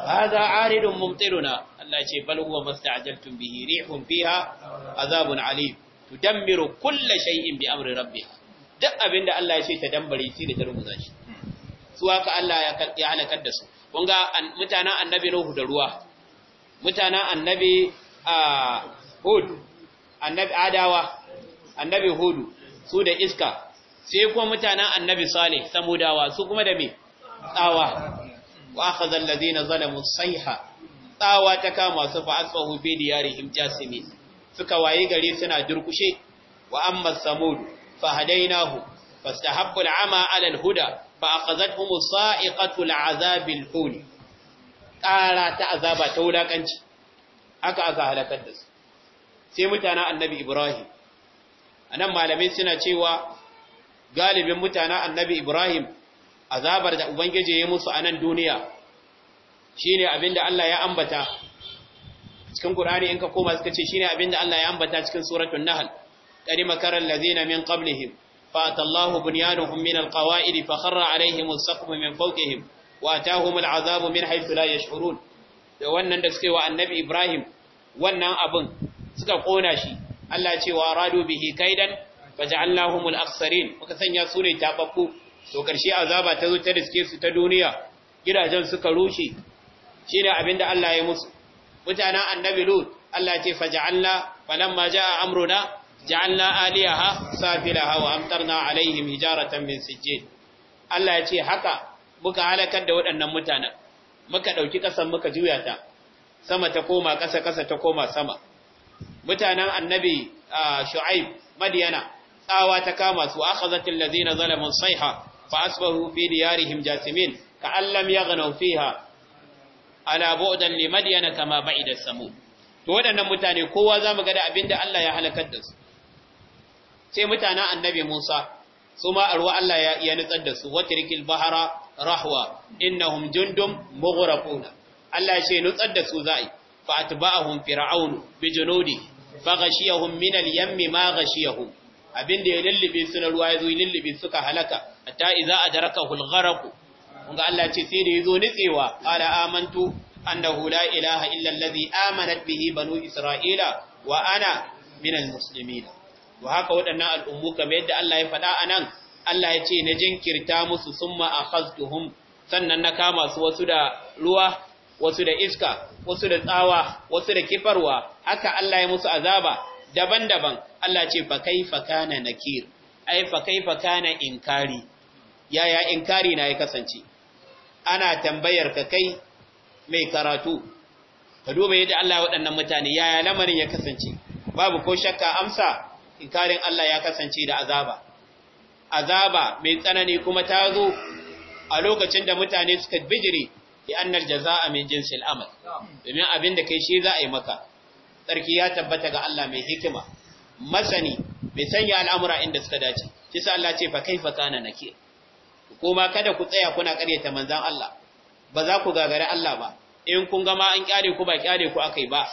hadha aridun mumtiruna Allah ce bal huwa masta'jaltum bihi rihun fiha azabun alim tudammiru kulla shay'in bi amri rabbiha duk abin da Allah ya ce ta dambare shi da ta rubuta shi su haka Allah ya halakar da su kun ga mutanen annabi Nuhu da ruwa mutanen annabi hudu, annabi adawa annabi hudu su da iska sai kuma mutanen annabi salih samudawa su kuma da me tsawa wa akhadha alladhina zalamu sayha tsawa ta kama su fa asbahu bi diyarihim jasimi suka waye gare suna durkushe wa amma samud fa hadainahu fastahabbu al'ama 'ala al-huda fa akhadhatuhum sa'iqatu al'azabil huni. ƙara ta azaba ta wulakanci aka aka halakar da su sai mutanen annabi ibrahim anan malamai suna cewa galibin mutanen annabi ibrahim azabar da ubangiji ya musu anan duniya shine abinda Allah ya ambata cikin qur'ani in ka koma suka ce shine abinda Allah ya ambata cikin suratul nahl qadima karal ladina min qablihim fatallahu bunyanuhum min alqawaid fa kharra alaihim as min fawqihim wa ataahum al'azabu min haythu la yash'urun da wannan da suka yi wa annabi Ibrahim wannan abin suka kona shi Allah ce wa radu bihi kaidan faj'alnahumul aksarin. muka sanya su ne tababbu to karshe azaba ta zo ta riske su ta duniya gidajen suka rushe shine abinda Allah ya musu mutanen annabi Lut Allah ce faj'alna falamma jaa amruna ja'alna aliyaha safilaha wa amtarna alaihim hijaratan min sijjid Allah ya ce haka muka halakar da waɗannan mutanen muka ɗauki ƙasan muka juya ta sama ta koma ƙasa ƙasa ta koma sama mutanen annabi shu'aib madiyana tsawa ta kama su akhazatil ladina zalamu sayha fa asbahu fi diyarihim jasimin ka allam yaghnaw fiha ala bu'dan li madiyana kama ba'ida samu to waɗannan mutane kowa zamu ga da abinda Allah ya halakar da su sai mutanen annabi Musa su ma arwa Allah ya nutsar da su watrikil bahara rahwa innahum jundum mughraquna Allah ya ce nutsar da su za'i fa atba'ahum fir'aunu bi junudi fa ghashiyahum min al-yammi ma ghashiyahum abinda ya lullube su na ruwa ya zo ya lullube suka halaka a idza adrakahu al-gharq kunga Allah ce sai da yazo nitsewa ala amantu annahu la ilaha illa allazi amanat bihi banu isra'ila wa ana minal muslimin wa haka waɗannan al'ummu kamar yadda Allah ya faɗa anan Allah ya ce na jinkirta musu summa akhaztuhum sannan na kama su wasu da ruwa wasu da iska wasu da tsawa wasu da kifarwa haka Allah ya musu azaba daban-daban Allah ce fa kaifa kana nakir ai fa na in inkari yaya inkari na ya kasance ana tambayar ka kai mai karatu ka duba yadda Allah waɗannan mutane yaya lamarin ya kasance babu ko shakka amsa inkarin Allah ya kasance da azaba azaba mai tsanani kuma ta zo a lokacin da mutane suka bijire li annar jazaa min jinsil amal domin abin da kai shi za a yi maka sarki ya tabbata ga Allah mai hikima masani mai sanya al'amura inda suka dace kisa Allah ce fa kaifa kana nakir kuma kada ku tsaya kuna karyata manzan Allah ba za ku gagare Allah ba in kun gama an kyare ku ba kyare ku akai ba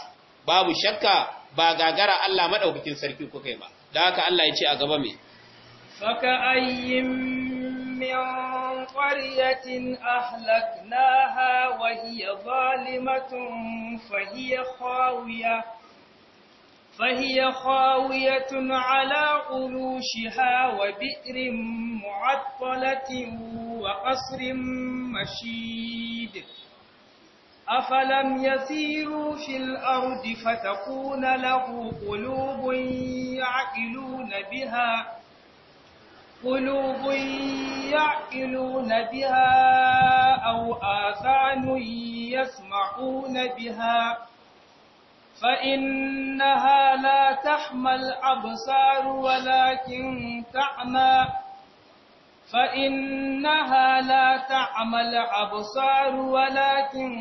babu shakka ba gagara Allah madaukakin sarki ku kai ba da haka Allah ya ce a gaba mai فكأي من قرية أهلكناها وهي ظالمة فهي خاوية فهي خاوية على قروشها وبئر معطلة وقصر مشيد أفلم يسيروا في الأرض فتكون له قلوب يعقلون بها قلوب يعقلون بها أو آذان يسمعون بها فإنها لا تحمى الأبصار ولكن تعمى فإنها لا تعمى الأبصار ولكن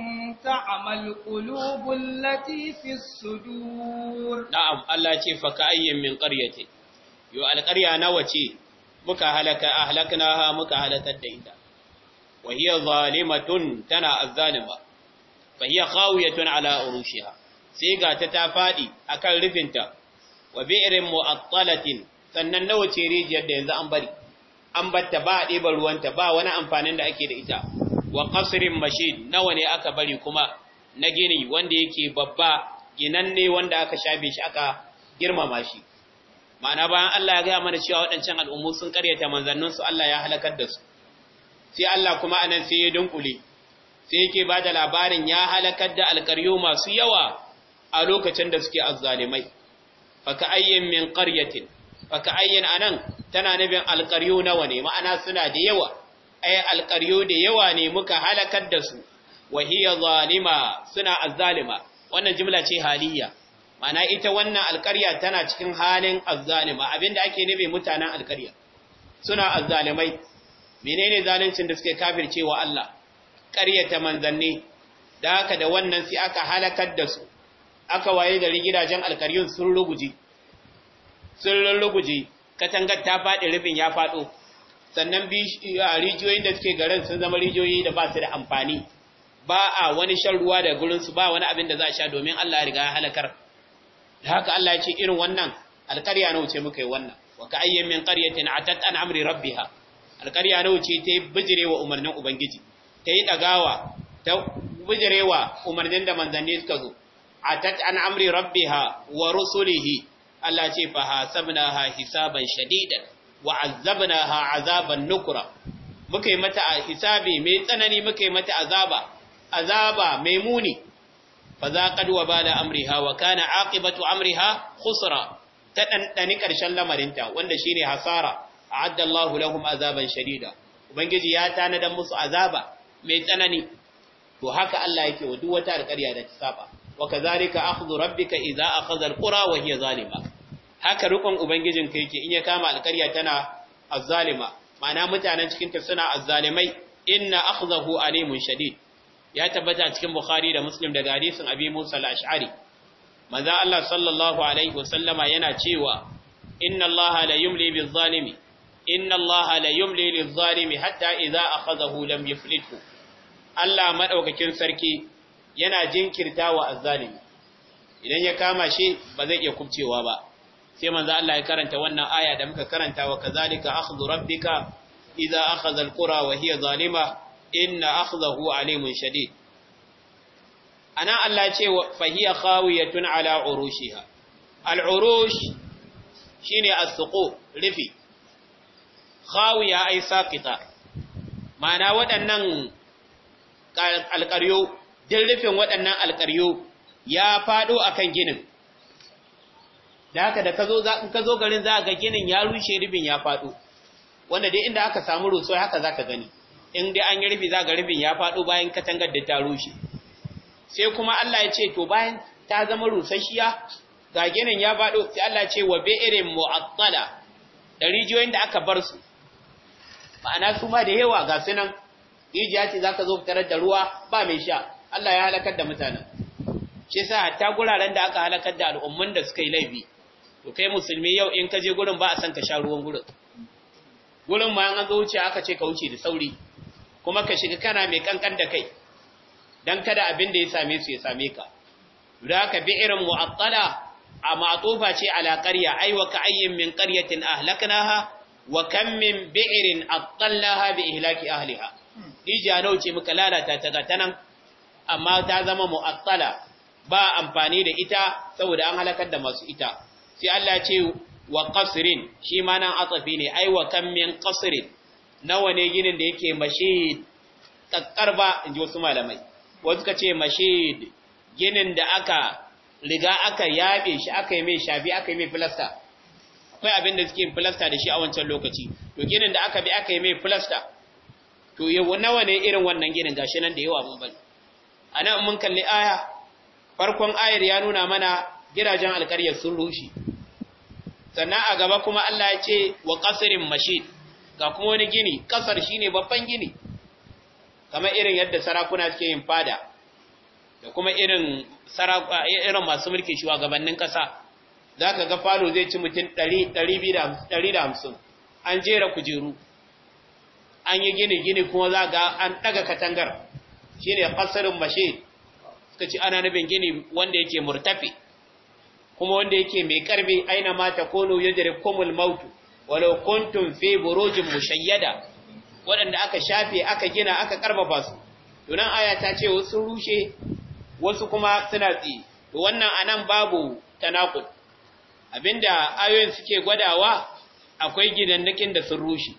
تعمى القلوب التي في الصدور نعم الله يتي فكأي من قرية يو القرية نوتي muka halaka ahlaknaha muka halartar da ita wa hiya zalimatun tana azzalima fa hiya khawiyatun ala urushiha sai ga ta ta fadi akan rufinta wa bi'rin mu'attalatin sannan nawa ce rijiyar da yanzu an bari an batta ba a ruwanta ba wani amfanin da ake da ita wa qasrin mashid nawa ne aka bari kuma na gini wanda yake babba ginanne wanda aka shafe shi aka girmama shi ma'ana bayan Allah ya gaya mana cewa waɗancan al'ummu sun karyata manzanninsu Allah ya halakar da su sai Allah kuma anan sai ya dunkule sai yake ba da labarin ya halakar da alƙaryo masu yawa a lokacin da suke azzalimai faka ayyin min qaryatin faka ayyin anan tana nabin alƙaryo nawa ne ma'ana suna da yawa ay alƙaryo da yawa ne muka halakar da su wa hiya zalima suna azzalima wannan jimla ce haliyya mana ita wannan alƙarya tana cikin halin azzalima abinda ake nufi mutanen alƙarya suna azzalimai menene zaluncin da suke kafircewa Allah ƙaryata manzanni da haka da wannan sai aka halakar da su aka waye da gidajen alƙaryun sun ruguje sun ruguje katangar ta faɗi rufin ya faɗo sannan rijiyoyin da suke garin sun zama rijiyoyi da ba su da amfani ba a wani shan ruwa da su ba wani abin da za a sha domin Allah ya riga ya halakar da haka Allah ya ce irin wannan alƙarya nawa ce muka yi wannan wa ka ayyan min qaryatin atat an amri rabbiha alƙarya nawa ce ta bijirewa umarnin ubangiji ta yi dagawa ta bijirewa umarnin da manzanni suka zo atat an amri rabbiha wa rusulihi Allah ce fa hasabnaha hisaban shadidan wa azabnaha azaban nukra muka yi mata hisabi mai tsanani muka yi mata azaba azaba mai muni fa zaqad wa amriha wa kana aqibatu amriha khusra ta ɗanɗani ƙarshen lamarinta wanda shine hasara a'adda Allahu lahum azaban shadida ubangiji ya tanadan musu azaba mai tsanani to haka Allah yake wa duk wata alƙarya da ta saba wa kazalika akhdhu rabbika idza akhadha alqura wa hiya zalima haka rukun ubangijin kai yake in ya kama alƙarya tana azzalima ma'ana mutanen cikin ta suna azzalimai inna akhdahu alimun shadid ya tabbata cikin Bukhari da Muslim daga hadisin Abi Musa al-Ash'ari manzo Allah sallallahu alaihi wasallama yana cewa inna Allah la yumli zalimi inna Allah la yumli lil-zalimi hatta idza akhadhahu lam yuflithu Allah madaukakin sarki yana jinkirtawa az-zalimi idan ya kama shi ba zai iya kubcewa ba sai manzo Allah ya karanta wannan aya da muka karanta wa kazalika akhdhu rabbika idza akhadha al-qura wa hiya zalimah inna akhdahu alimun shadid ana Allah ce hiya khawiyatun ala urushiha al-urush shine as-suqu rifi khawiya ay saqita ma'ana waɗannan alƙaryo din rufin waɗannan alƙaryo ya fado akan ginin da haka da kazo in zo garin za ga ginin ya rushe rufin ya fado wanda dai inda aka samu ruso haka zaka gani in dai an yi rufi za ga rufin ya faɗo bayan katangar da ta rushe sai kuma Allah ya ce to bayan ta zama rusashiya ga ginin ya faɗo sai Allah ya ce wa bi'irin mu'attala da rijiyoyin da aka bar su ma'ana su ma da yawa ga sunan rijiya ce zaka zo fitar da ruwa ba mai sha Allah ya halakar da mutanen shi yasa hatta guraren da aka halakar da al'umman da suka yi laifi to kai musulmi yau in ka je gurin ba a san ka sha ruwan gurin gurin ma an ga wuce aka ce ka wuce da sauri kuma ka shiga kana mai kankan da kai don kada abin da ya same su ya same ka da ka bi irin mu'attala a tsofa ce ala qarya ay wa ka ayyin min qaryatin ahlaknaha wa kam min bi'rin attallaha bi ihlaki ahliha ija nauce muka lalata ta ga tanan amma ta zama mu'attala ba amfani da ita saboda an halakar da masu ita sai Allah ce wa qasrin shi ma nan atafi ne ai wa kam min qasrin nawa ne ginin da yake mashid kakkar ba in ji wasu malamai wasu ka ce mashid ginin da aka riga aka yaɓe shi aka yi mai shafi aka yi mai filasta akwai abin da suke filasta da shi a wancan lokaci to ginin da aka bi aka yi mai filasta to yau nawa ne irin wannan ginin gashi nan da yawa mun bari a nan mun kalli aya farkon ayar ya nuna mana gidajen alƙaryar sun rushe sannan a gaba kuma Allah ya ce wa qasrin mashid ga kuma wani gini kasar shine babban gini kamar irin yadda sarakuna suke yin fada da kuma irin irin masu mulki shi shugabannin kasa zaka ga falo zai ci mutum 150 an jera kujeru an yi gini gini kuma za ga an ɗaga katangar shine kasarin mashe suka ci ana nabin gini wanda yake murtafi kuma wanda yake mai karbi aina mata kono yajrib komul mautu walau kuntum fi burujin mushayyada waɗanda aka shafe aka gina aka karfafa su tunan aya ta ce wasu rushe wasu kuma suna tsi to wannan anan babu tanakul abinda ayoyin suke gwadawa akwai gidannakin da sun rushe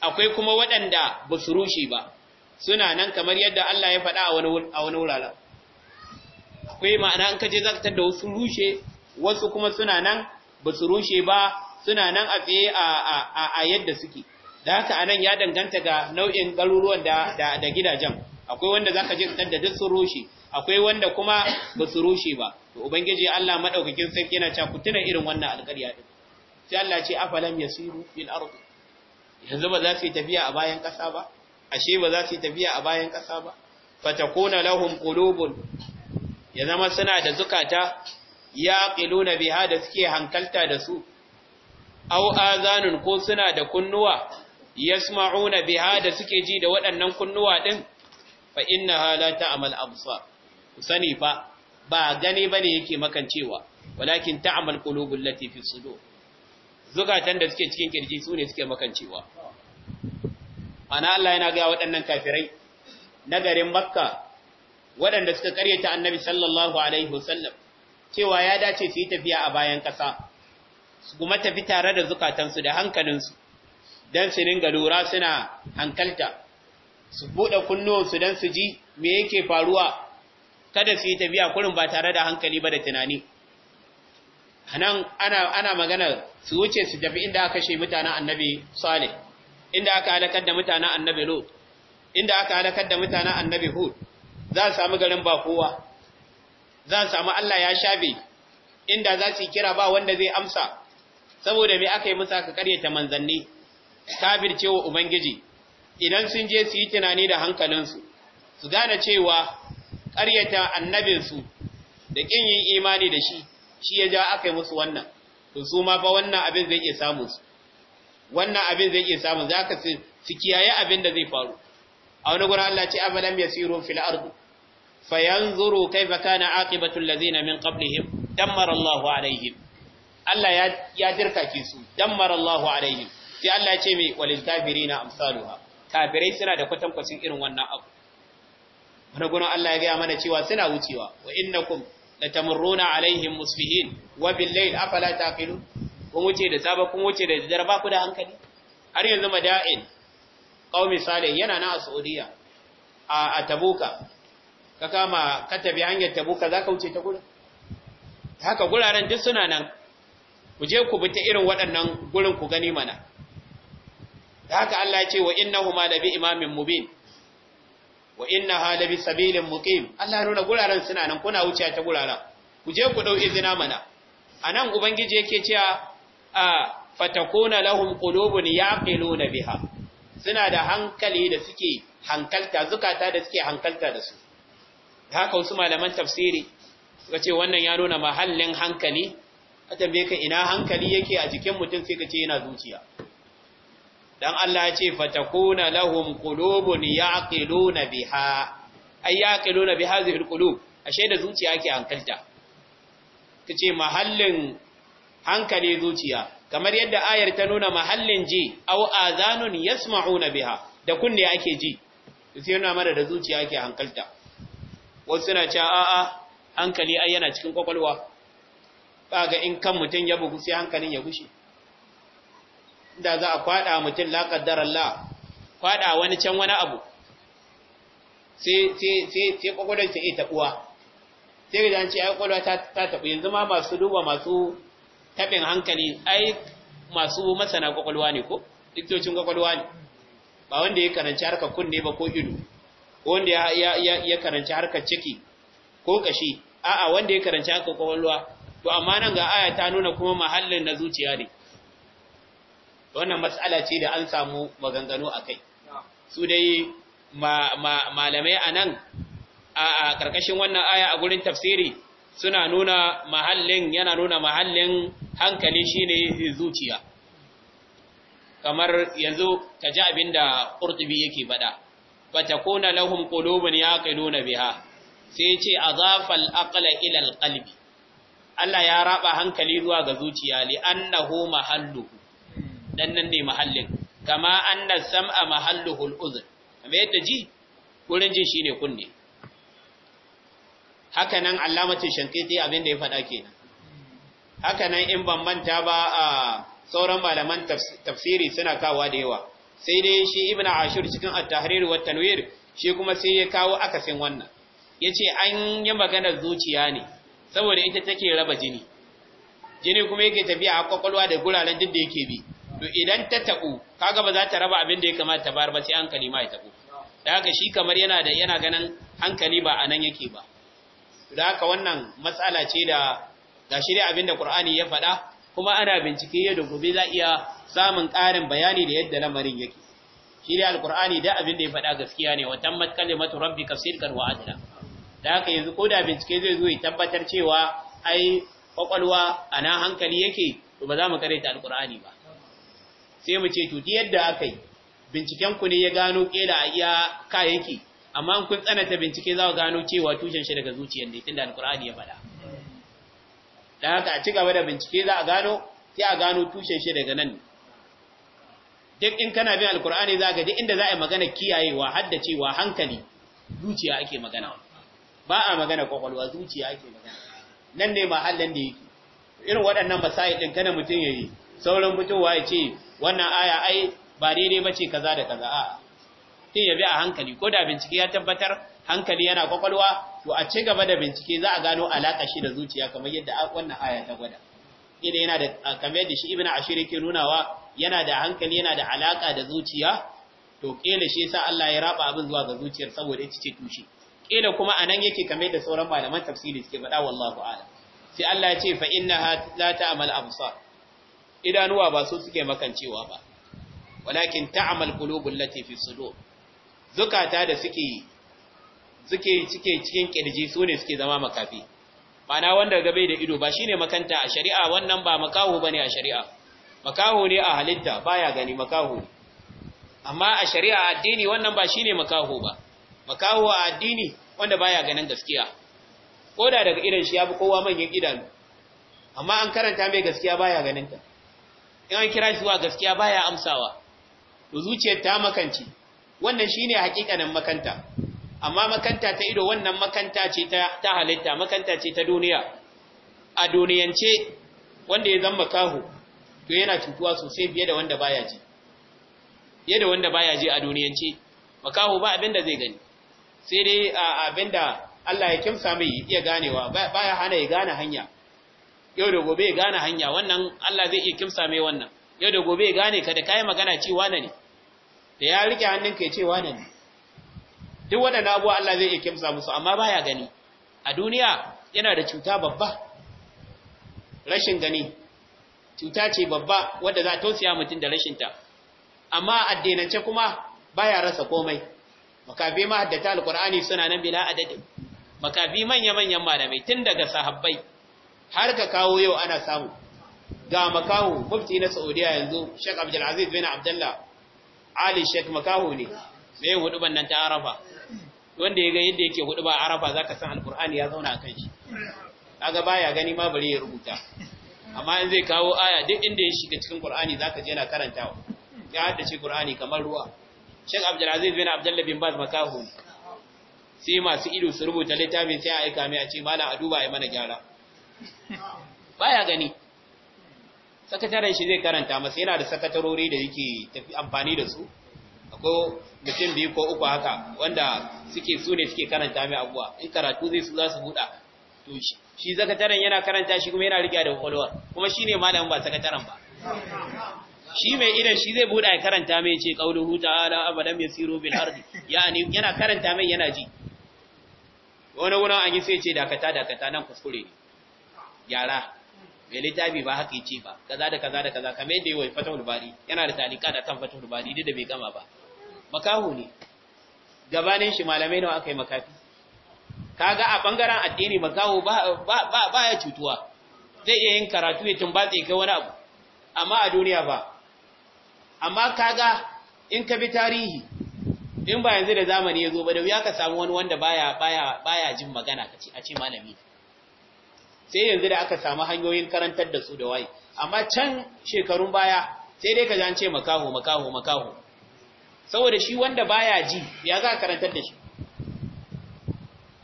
akwai kuma waɗanda ba su rushe ba suna nan kamar yadda Allah ya faɗa a wani wuraren akwai ma'ana an kaje zakatar da wasu rushe wasu kuma suna nan ba su rushe ba suna nan a fiye a yadda suke da haka nan ya danganta ga nau'in garuruwan da gidajen akwai wanda za ka je kan da duk sun rushe akwai wanda kuma ba su rushe ba to ubangiji Allah maɗaukakin sarki yana cewa ku tuna irin wannan alƙarya din sai Allah ce afalam yasiru fil ardi yanzu ba za su yi tafiya a bayan ƙasa ba ashe ba za su yi tafiya a bayan ƙasa ba fatakuna lahum qulubun ya zama suna da zukata yaqiluna biha da suke hankalta da su aw azanun ko suna da kunnuwa yasma'una biha da suke ji da waɗannan kunnuwa din fa innaha la ta'mal absar sani fa ba gani bane yake makancewa walakin ta'mal qulubul lati fi sudur zukatan da suke cikin kirji su ne suke makancewa ana Allah yana ga waɗannan kafirai na garin makka waɗanda suka karyata annabi sallallahu alaihi wasallam cewa ya dace su yi tafiya a bayan ƙasa su kuma tafi tare da zukatansu da hankalinsu don su ringa lura suna hankalta su buɗe kunnuwansu don su ji me yake faruwa kada su yi tafiya kurin ba tare da hankali ba da tunani anan ana ana magana su wuce su tafi inda aka kashe mutanen annabi sale inda aka halakar da mutanen annabi lut inda aka halakar da mutanen annabi hud za su samu garin ba kowa za su samu Allah ya shafe inda za su kira ba wanda zai amsa saboda me aka yi musu aka karyata manzanni wa ubangiji idan sun je su yi tunani da hankalinsu su gane cewa karyata annabinsu da kin yin imani da shi shi ya ja aka yi musu wannan to su ma fa wannan abin zai iya samu su wannan abin zai iya samu za ka su kiyaye abin da zai faru a wani gurin Allah ce afalam yasiru fil ardi fayanzuru kaifa kana aqibatu allazina min qablihim dammara Allahu alaihim Allah ya ke su dammar Allahu alaihim sai Allah ya ce mai walil kafirina amsaluha kafirai suna da kwatankwacin irin wannan abu wani gurin Allah ya gaya mana cewa suna wucewa wa innakum latamurruna alaihim muslihin wa bil layl afala taqilun kun wuce da saba kun wuce da daddare ku da hankali har yanzu mada'in qaumi salih yana na a Saudiya a Tabuka ka kama ka tabi hanyar Tabuka zaka wuce ta gurin haka guraren duk suna nan ku je ku bi ta irin waɗannan gurin ku gani mana da haka Allah ya ce wa innahuma la bi imamin mubin wa innaha la bi sabilin muqim Allah nuna guraren suna nan kuna wuce ta guraren ku je ku dau izina mana anan ubangiji yake cewa a fatakuna lahum qulubun yaqiluna biha suna da hankali da suke hankalta zukata da suke hankalta da su haka wasu malaman tafsiri suka ce wannan ya nuna mahallin hankali a tambaye ka ina hankali yake a jikin mutum sai ka ce yana zuciya dan Allah ya ce fatakuna lahum qulubun yaqiluna biha ay yaqiluna bi hadhihi alqulub ashe da zuciya yake hankalta kace mahallin hankali zuciya kamar yadda ayar ta nuna mahallin ji aw azanun yasma'una biha da kunne ake ji sai yana mara da zuciya yake hankalta wasu suna cewa a'a hankali ai yana cikin kwakwalwa kaga in kan mutum ya bugu sai hankalin ya gushe da za a kwada mutum la qaddar Allah kwada wani can wani abu sai sai sai sai kokodan sai ta uwa sai ga dan ce ai kokodan ta ta tabu yanzu ma masu duba masu tabin hankali ai masu masana kokolwa ne ko likitocin kokolwa ne ba wanda ya karanci harkar kunne ba ko ido ko wanda ya ya ya karanci harkar ciki ko kashi a'a wanda ya karanci harkar kokolwa to amma nan ga aya ta nuna kuma mahallin na zuciya ne wannan matsala ce da an samu maganganu a kai su dai malamai a nan a ƙarƙashin wannan aya a gurin tafsiri suna nuna mahallin yana nuna mahallin hankali shine zuciya kamar yanzu ka ji abin da ƙurtubi yake faɗa ba ta kuna lahum ƙulubin ya biha sai ce azafal aqla ilal alqalbi Allah ya raba hankali zuwa ga zuciya li annahu mahalluhu dan nan ne mahallin kama anna sam'a mahalluhul uzn kamar yadda ji wurin jin shine kunne haka nan allamatin shankiti abin da ya faɗa kenan haka nan in ban manta ba a sauran malaman tafsiri suna kawo da yawa sai dai shi ibnu ashur cikin at-tahrir wa tanwir shi kuma sai ya kawo akasin wannan yace an yi maganar zuciya ne saboda ita take raba jini jini kuma yake tafiya a kwakwalwa da guraren duk da yake bi to idan ta tabu kaga ba za ta raba abin da ya kamata ta bayar ba sai hankali ma ya tabu da haka shi kamar yana da yana ganin hankali ba nan yake ba da haka wannan matsala ce da ga shirya abin da Qur'ani ya faɗa kuma ana bincike yadda gobe za iya samun ƙarin bayani da yadda lamarin yake Shirya Alƙur'ani da abin da ya faɗa gaskiya ne wa tammat kalimatu rabbika sidqan wa adla da haka yanzu ko da bincike zai zo ya tabbatar cewa ai kwakwalwa ana hankali yake to ba za mu karanta alkur'ani ba sai mu ce to yadda aka yi binciken ku ne ya gano kela a iya ka-yake, amma in kun tsananta bincike za ku gano cewa tushen shi daga zuciyar ne tunda alkur'ani ya faɗa da haka a ci gaba da bincike za a gano sai a gano tushen shi daga nan duk in kana bin alkur'ani za ka ji inda za a yi magana kiyayewa cewa hankali zuciya ake magana wa? ba a magana kwakwalwa zuciya ake magana nan ne mahallan da yake irin waɗannan masayin ɗin kada mutum ya yi Sauran fitowa ya ce wannan aya ai ba daidai ba ce kaza da kaza a tun ya bi a hankali ko da bincike ya tabbatar hankali yana kwakwalwa to a ci gaba da bincike za a gano alaƙa shi da zuciya kamar yadda wannan aya ta gwada idan yana da kamar yadda shi ibnu ashir yake nunawa yana da hankali yana da alaƙa da zuciya to kila shi yasa Allah ya raba abin zuwa ga zuciyar saboda ita ce tushe kila kuma anan yake kame da sauran malaman tafsiri suke faɗa wallahu a'lam sai Allah ya ce fa inna la ta'mal absar idanuwa ba su suke makancewa ba walakin ta'mal qulubul lati fi sudur zukata da suke suke cike cikin kirji su ne suke zama makafi mana wanda gabe da ido ba shine makanta a shari'a wannan ba makaho bane a shari'a makaho ne a halitta baya gani makaho amma a shari'a addini wannan ba shine makaho ba makaho a addini wanda baya ganin gaskiya ko da daga irin shi ya bi kowa manyan idanu amma an karanta mai gaskiya baya ganin ta in an kira shi wa gaskiya baya amsawa to zuciyar ta makanci wannan shine hakikanin makanta amma makanta ta ido wannan makanta ce ta ta halitta makanta ce ta duniya a duniyance wanda ya zama kaho to yana cutuwa sosai fiye da wanda baya ji fiye da wanda baya ji a duniyance makaho ba abin da zai gani sai dai abinda Allah ya kimsa mai iya ganewa baya hana ya gane hanya yau da gobe ya gane hanya wannan Allah zai iya kimsa mai wannan yau da gobe ya gane ka da magana ce wane ne da ya rike hannunka ya ce wane ne duk waɗannan abuwa Allah zai iya kimsa musu amma baya gani a duniya yana da cuta babba rashin gani cuta ce babba wadda za ta tausaya mutum da rashinta amma addinance kuma baya rasa komai makafi haddata alqur'ani suna nan bila adadin makafi manya-manyan malamai tun daga sahabbai har ka kawo yau ana samu ga makaho mufti na saudiya yanzu sheikh abdulaziz bin abdullah ali sheikh makaho ne mai yin huduban nan ta arafa wanda ya ga yadda yake huduba arafa zaka san alqur'ani ya zauna kan shi kaga baya gani ma bari ya rubuta amma in zai kawo aya duk inda ya shiga cikin qur'ani zaka je na karantawa ya haddace qur'ani kamar ruwa Sheikh Abdul Aziz bin Abdullah bin Baz makahu sai masu ido su rubuta littafin sai a aika mai a ce malam a duba ai mana gyara *laughs* baya gani sakataren shi zai karanta masa yana da sakatarori da yake tafi amfani da su akwai mutum biyu ko uku haka wanda suke su ne suke karanta mai abuwa in karatu zai su za su buɗa to shi sakataren yana karanta shi kuma yana riga da kwakwalwar kuma shi ne malamin ba sakataren ba *laughs* shi mai idan shi zai buɗa ya karanta mai ce qauluhu ta'ala abalam yasiru bil ardi yani yana karanta mai yana ji wani wani an yi sai ce dakata dakata nan kuskure ne yara mai littafi ba haka yace ba kaza da kaza da kaza kamar yadda wa fata bari yana da talika da kan fata bari duk da bai gama ba makahu ne gabanin shi malamai nawa aka yi makafi kaga a bangaren addini makahu ba ba ba ya cutuwa zai iya yin karatu ya tumbatse kai wani abu amma a duniya ba amma kaga in ka bi tarihi in ba yanzu da zamani ya zo ba da wuya ka samu wani wanda baya baya baya jin magana a ce malami sai yanzu da aka samu hanyoyin karantar da su da waye amma can shekarun baya sai dai ka ji an ce makaho makaho makaho saboda shi wanda baya ji ya za karantar da shi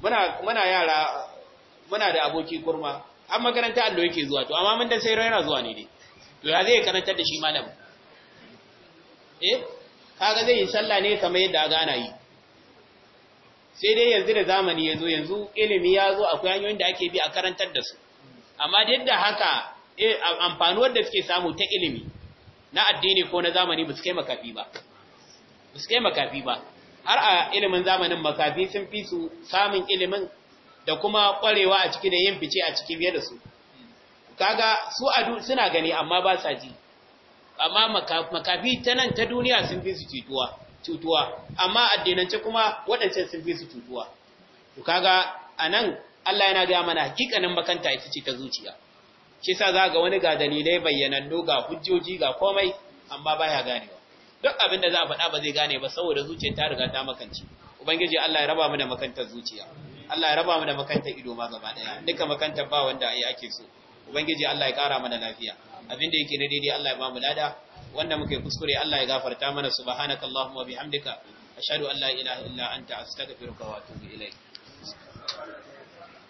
muna muna yara muna da aboki kurma an makaranta allo yake zuwa to amma mun da sai yana zuwa ne dai to ya zai karantar da shi malamin eh kaga zai yi sallah ne kamar yadda gana yi sai dai yanzu da zamani yazo yanzu ilimi ya zo akwai hanyoyin da ake bi a karantar da su amma yadda haka eh, amfanuwar da suke samu ta ilimi na addini ko na zamani ba su kai makafi ba ba su kai makafi ba har a ilimin zamanin makafi sun fi su samun ilimin da kuma kwarewa a ciki da yin fice a ciki biye da su kaga su adu suna gani amma ba sa ji amma makafi ta nan ta duniya sun fi su cutuwa amma addinance kuma waɗancan sun fi su cutuwa to kaga nan Allah yana gaya mana hakikanin makanta ita ce ta zuciya shi sa za ga wani ga dalilai bayyanannu ga hujjoji ga komai amma baya ganewa duk abin da za a faɗa ba zai gane ba saboda zuciyar ta riga ta makanci. ubangiji Allah ya raba mu da makantar zuciya Allah ya raba mu da makantar ido ma gaba daya duka makantar ba wanda ai ake so ubangiji Allah ya kara mana lafiya Abin da yake na daidai Allah ya ba mu lada wanda muke kuskure Allah ya gafarta mana subhanaka allahumma bihamdika ashhadu an la ilaha illa anta astaghfiruka wa atubu ilaik